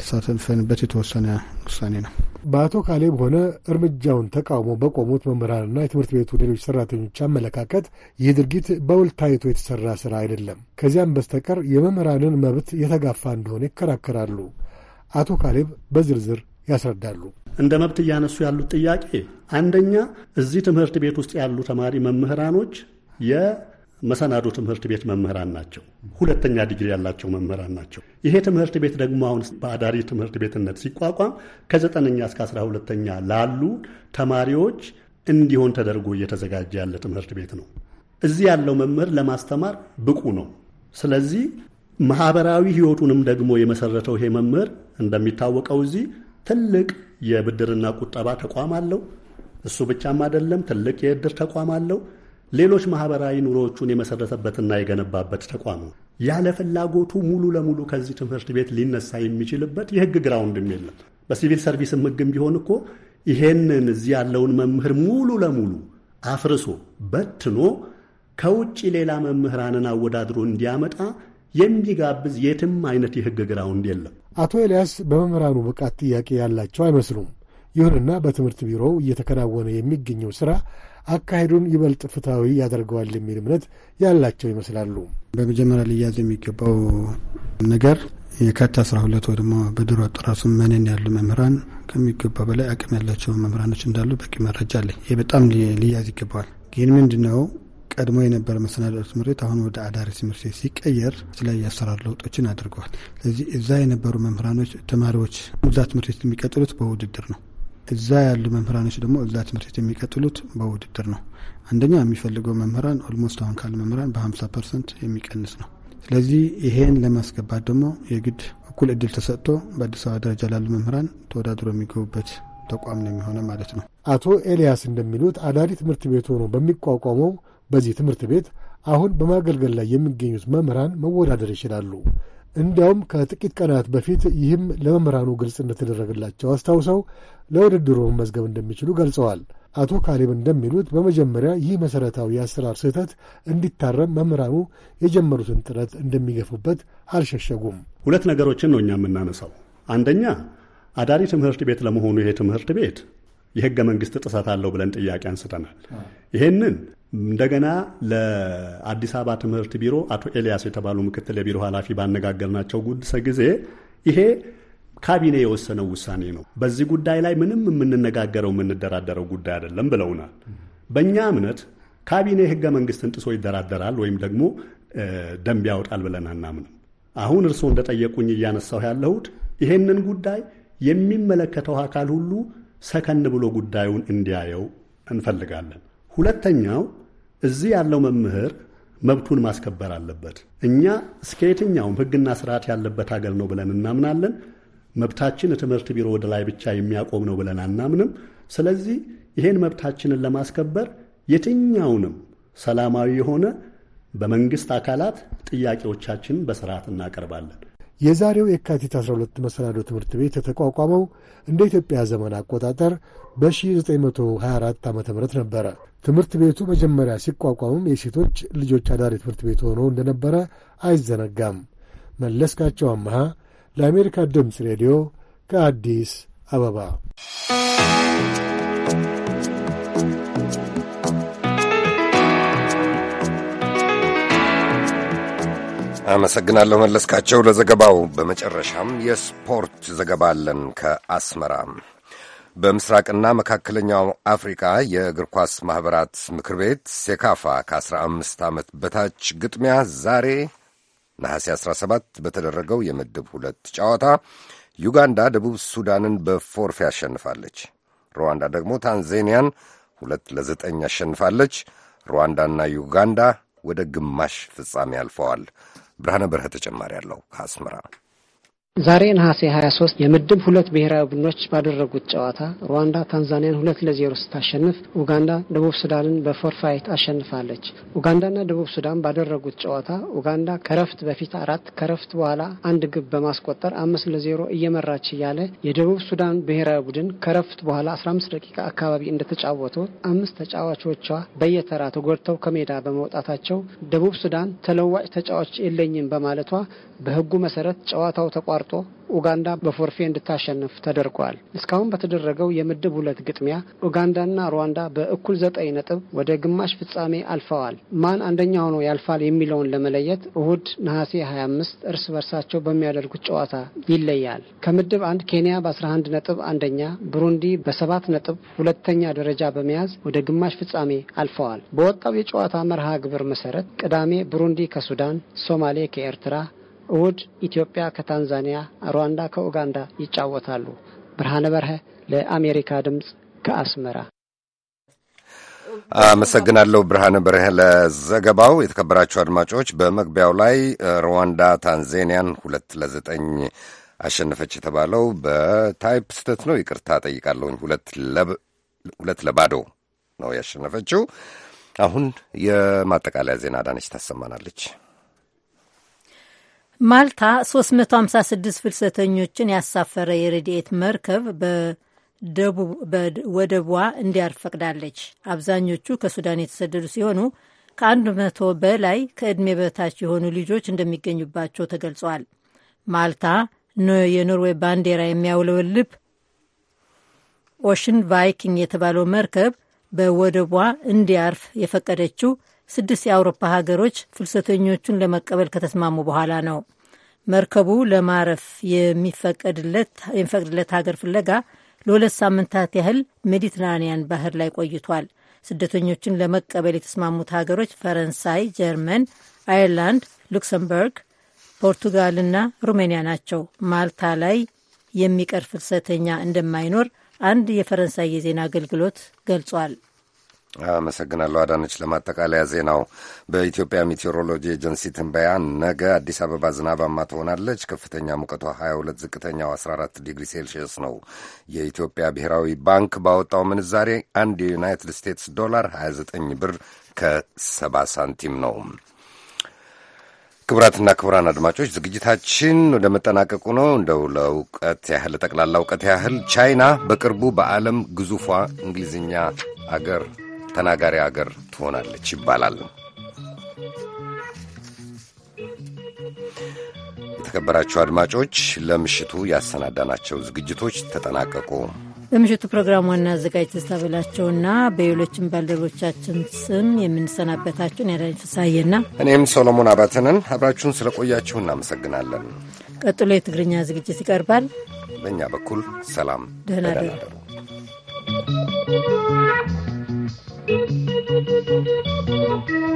ተሳተፈንበት የተወሰነ ውሳኔ ነው። በአቶ ካሌብ ሆነ እርምጃውን ተቃውሞ በቆሙት መምህራንና የትምህርት ቤቱ ሌሎች ሠራተኞች አመለካከት ይህ ድርጊት በውል ታይቶ የተሠራ ሥራ አይደለም፣ ከዚያም በስተቀር የመምህራንን መብት የተጋፋ እንደሆነ ይከራከራሉ። አቶ ካሌብ በዝርዝር ያስረዳሉ። እንደ መብት እያነሱ ያሉት ጥያቄ አንደኛ፣ እዚህ ትምህርት ቤት ውስጥ ያሉ ተማሪ መምህራኖች መሰናዶ ትምህርት ቤት መምህራን ናቸው። ሁለተኛ ዲግሪ ያላቸው መምህራን ናቸው። ይሄ ትምህርት ቤት ደግሞ አሁን በአዳሪ ትምህርት ቤትነት ሲቋቋም ከዘጠነኛ እስከ አስራ ሁለተኛ ላሉ ተማሪዎች እንዲሆን ተደርጎ እየተዘጋጀ ያለ ትምህርት ቤት ነው። እዚህ ያለው መምህር ለማስተማር ብቁ ነው። ስለዚህ ማህበራዊ ህይወቱንም ደግሞ የመሰረተው ይሄ መምህር እንደሚታወቀው እዚህ ትልቅ የብድርና ቁጠባ ተቋም አለው። እሱ ብቻም አይደለም፣ ትልቅ የእድር ተቋም አለው። ሌሎች ማህበራዊ ኑሮዎቹን የመሰረተበትና የገነባበት ተቋም ነው። ያለ ፍላጎቱ ሙሉ ለሙሉ ከዚህ ትምህርት ቤት ሊነሳ የሚችልበት የህግ ግራውንድም የለም። በሲቪል ሰርቪስም ህግም ቢሆን እኮ ይሄንን እዚህ ያለውን መምህር ሙሉ ለሙሉ አፍርሶ በትኖ ከውጭ ሌላ መምህራንን አወዳድሮ እንዲያመጣ የሚጋብዝ የትም አይነት የህግ ግራውንድ የለም። አቶ ኤልያስ በመምህራኑ ብቃት ጥያቄ ያላቸው አይመስሉም። ይሁንና በትምህርት ቢሮው እየተከናወነ የሚገኘው ሥራ አካሄዱን ይበልጥ ፍትሐዊ ያደርገዋል የሚል እምነት ያላቸው ይመስላሉ። በመጀመሪያ ሊያዝ የሚገባው ነገር የካቲት አስራ ሁለት ወይ ደግሞ በድሮ አጠራሱ መንን ያሉ መምህራን ከሚገባ በላይ አቅም ያላቸው መምህራኖች እንዳሉ በቂ መረጃ አለ። ይህ በጣም ሊያዝ ይገባዋል። ግን ምንድነው ነው ቀድሞ የነበረ መሰናዶ ትምህርት ቤት አሁን ወደ አዳሪ ትምህርት ቤት ሲቀየር የተለያዩ አሰራር ለውጦችን አድርገዋል። ስለዚህ እዛ የነበሩ መምህራኖች፣ ተማሪዎች እዛ ትምህርት ቤት የሚቀጥሉት በውድድር ነው። እዛ ያሉ መምህራኖች ደግሞ እዛ ትምህርት ቤት የሚቀጥሉት በውድድር ነው። አንደኛ የሚፈልገው መምህራን ኦልሞስት አሁን ካሉ መምህራን በ50 ፐርሰንት የሚቀንስ ነው። ስለዚህ ይሄን ለማስገባት ደግሞ የግድ እኩል እድል ተሰጥቶ በአዲስ አበባ ደረጃ ላሉ መምህራን ተወዳድሮ የሚገቡበት ተቋም ነው የሚሆነ ማለት ነው። አቶ ኤልያስ እንደሚሉት አዳሪ ትምህርት ቤት ሆኖ በሚቋቋመው በዚህ ትምህርት ቤት አሁን በማገልገል ላይ የሚገኙት መምህራን መወዳደር ይችላሉ። እንዲያውም ከጥቂት ቀናት በፊት ይህም ለመምህራኑ ግልጽ እንደተደረገላቸው አስታውሰው ለውድድሩ መመዝገብ እንደሚችሉ ገልጸዋል። አቶ ካሌብ እንደሚሉት በመጀመሪያ ይህ መሠረታዊ የአሰራር ስህተት እንዲታረም መምህራኑ የጀመሩትን ጥረት እንደሚገፉበት አልሸሸጉም። ሁለት ነገሮችን ነው እኛ የምናነሳው። አንደኛ አዳሪ ትምህርት ቤት ለመሆኑ ይሄ ትምህርት ቤት የሕገ መንግሥት ጥሰት አለው ብለን ጥያቄ አንስተናል። ይሄንን እንደገና ለአዲስ አበባ ትምህርት ቢሮ አቶ ኤልያስ የተባሉ ምክትል የቢሮ ኃላፊ ባነጋገርናቸው ጉድሰ ጊዜ ይሄ ካቢኔ የወሰነው ውሳኔ ነው፣ በዚህ ጉዳይ ላይ ምንም የምንነጋገረው የምንደራደረው ጉዳይ አይደለም ብለውናል። በእኛ እምነት ካቢኔ ህገ መንግስትን ጥሶ ይደራደራል ወይም ደግሞ ደንብ ያወጣል ብለን አናምንም። አሁን እርስዎ እንደጠየቁኝ እያነሳሁ ያለሁት ይሄንን ጉዳይ የሚመለከተው አካል ሁሉ ሰከን ብሎ ጉዳዩን እንዲያየው እንፈልጋለን። ሁለተኛው እዚህ ያለው መምህር መብቱን ማስከበር አለበት። እኛ እስከ የትኛውም ሕግና ስርዓት ያለበት ሀገር ነው ብለን እናምናለን። መብታችን ትምህርት ቢሮ ወደ ላይ ብቻ የሚያቆም ነው ብለን አናምንም። ስለዚህ ይሄን መብታችንን ለማስከበር የትኛውንም ሰላማዊ የሆነ በመንግስት አካላት ጥያቄዎቻችንን በስርዓት እናቀርባለን። የዛሬው የካቲት 12 መሰናዶ ትምህርት ቤት የተቋቋመው እንደ ኢትዮጵያ ዘመን አቆጣጠር በ1924 ዓ ም ነበረ። ትምህርት ቤቱ መጀመሪያ ሲቋቋምም የሴቶች ልጆች አዳሪ ትምህርት ቤት ሆኖ እንደነበረ አይዘነጋም። መለስካቸው አመሃ ለአሜሪካ ድምፅ ሬዲዮ ከአዲስ አበባ አመሰግናለሁ መለስካቸው ለዘገባው። በመጨረሻም የስፖርት ዘገባ አለን ከአስመራ። በምስራቅና መካከለኛው አፍሪካ የእግር ኳስ ማኅበራት ምክር ቤት ሴካፋ ከ15 ዓመት በታች ግጥሚያ ዛሬ ነሐሴ 17 በተደረገው የምድብ ሁለት ጨዋታ ዩጋንዳ ደቡብ ሱዳንን በፎርፌ አሸንፋለች። ሩዋንዳ ደግሞ ታንዛኒያን ሁለት ለዘጠኝ አሸንፋለች። ሩዋንዳና ዩጋንዳ ወደ ግማሽ ፍጻሜ አልፈዋል። ብርሃነ በርሀ ተጨማሪ አለው ከአስመራ ዛሬ ነሐሴ 23 የምድብ ሁለት ብሔራዊ ቡድኖች ባደረጉት ጨዋታ ሩዋንዳ ታንዛኒያን ሁለት ለዜሮ ስታሸንፍ ኡጋንዳ ደቡብ ሱዳንን በፎርፋይት አሸንፋለች። ኡጋንዳና ደቡብ ሱዳን ባደረጉት ጨዋታ ኡጋንዳ ከረፍት በፊት አራት ከረፍት በኋላ አንድ ግብ በማስቆጠር አምስት ለዜሮ እየመራች እያለ የደቡብ ሱዳን ብሔራዊ ቡድን ከረፍት በኋላ 15 ደቂቃ አካባቢ እንደተጫወቱ አምስት ተጫዋቾቿ በየተራ ተጎድተው ከሜዳ በመውጣታቸው ደቡብ ሱዳን ተለዋጭ ተጫዋች የለኝም በማለቷ በሕጉ መሰረት ጨዋታው ተቋርጦ ኡጋንዳ በፎርፌ እንድታሸንፍ ተደርጓል። እስካሁን በተደረገው የምድብ ሁለት ግጥሚያ ኡጋንዳና ሩዋንዳ በእኩል ዘጠኝ ነጥብ ወደ ግማሽ ፍጻሜ አልፈዋል። ማን አንደኛ ሆኖ ያልፋል የሚለውን ለመለየት እሁድ ነሐሴ 25 እርስ በርሳቸው በሚያደርጉት ጨዋታ ይለያል። ከምድብ አንድ ኬንያ በ11 ነጥብ አንደኛ፣ ብሩንዲ በሰባት ነጥብ ሁለተኛ ደረጃ በመያዝ ወደ ግማሽ ፍጻሜ አልፈዋል። በወጣው የጨዋታ መርሃ ግብር መሰረት ቅዳሜ ብሩንዲ ከሱዳን፣ ሶማሌ ከኤርትራ እሁድ ኢትዮጵያ ከታንዛኒያ፣ ሩዋንዳ ከኡጋንዳ ይጫወታሉ። ብርሃነ በርሀ ለአሜሪካ ድምፅ ከአስመራ አመሰግናለሁ ብርሃነ በርሄ ለዘገባው። የተከበራችሁ አድማጮች በመግቢያው ላይ ሩዋንዳ ታንዛኒያን ሁለት ለዘጠኝ አሸነፈች የተባለው በታይፕ ስህተት ነው። ይቅርታ ጠይቃለሁኝ። ሁለት ለባዶ ነው ያሸነፈችው። አሁን የማጠቃለያ ዜና አዳነች ታሰማናለች። ማልታ 356 ፍልሰተኞችን ያሳፈረ የረድኤት መርከብ ወደቧ እንዲያርፍ ፈቅዳለች። አብዛኞቹ ከሱዳን የተሰደዱ ሲሆኑ ከአንድ መቶ በላይ ከዕድሜ በታች የሆኑ ልጆች እንደሚገኙባቸው ተገልጿል። ማልታ የኖርዌይ ባንዲራ የሚያውለበልብ ኦሽን ቫይኪንግ የተባለው መርከብ በወደቧ እንዲያርፍ የፈቀደችው ስድስት የአውሮፓ ሀገሮች ፍልሰተኞቹን ለመቀበል ከተስማሙ በኋላ ነው። መርከቡ ለማረፍ የሚፈቅድለት ሀገር ፍለጋ ለሁለት ሳምንታት ያህል ሜዲትራኒያን ባህር ላይ ቆይቷል። ስደተኞችን ለመቀበል የተስማሙት ሀገሮች ፈረንሳይ፣ ጀርመን፣ አየርላንድ፣ ሉክሰምበርግ፣ ፖርቱጋልና ሩሜኒያ ናቸው። ማልታ ላይ የሚቀር ፍልሰተኛ እንደማይኖር አንድ የፈረንሳይ የዜና አገልግሎት ገልጿል። አመሰግናለሁ አዳነች። ለማጠቃለያ ዜናው በኢትዮጵያ ሜቴሮሎጂ ኤጀንሲ ትንበያ ነገ አዲስ አበባ ዝናባማ ትሆናለች። ከፍተኛ ሙቀቷ 22፣ ዝቅተኛው 14 ዲግሪ ሴልሺየስ ነው። የኢትዮጵያ ብሔራዊ ባንክ ባወጣው ምንዛሬ አንድ የዩናይትድ ስቴትስ ዶላር 29 ብር ከ70 ሳንቲም ነው። ክቡራትና ክቡራን አድማጮች ዝግጅታችን ወደ መጠናቀቁ ነው። እንደው ለእውቀት ያህል ጠቅላላ እውቀት ያህል ቻይና በቅርቡ በዓለም ግዙፏ እንግሊዝኛ አገር ተናጋሪ አገር ትሆናለች ይባላል። የተከበራችሁ አድማጮች ለምሽቱ ያሰናዳናቸው ዝግጅቶች ተጠናቀቁ። በምሽቱ ፕሮግራም ዋና አዘጋጅ ትዝታ በላቸውና በሌሎችም ባልደረቦቻችን ስም የምንሰናበታችሁን ያዳኝ ፍሳዬና እኔም ሶሎሞን አባተንን አብራችሁን ስለቆያችሁ እናመሰግናለን። ቀጥሎ የትግርኛ ዝግጅት ይቀርባል። በእኛ በኩል ሰላም፣ ደህና ደሩ። Thank you.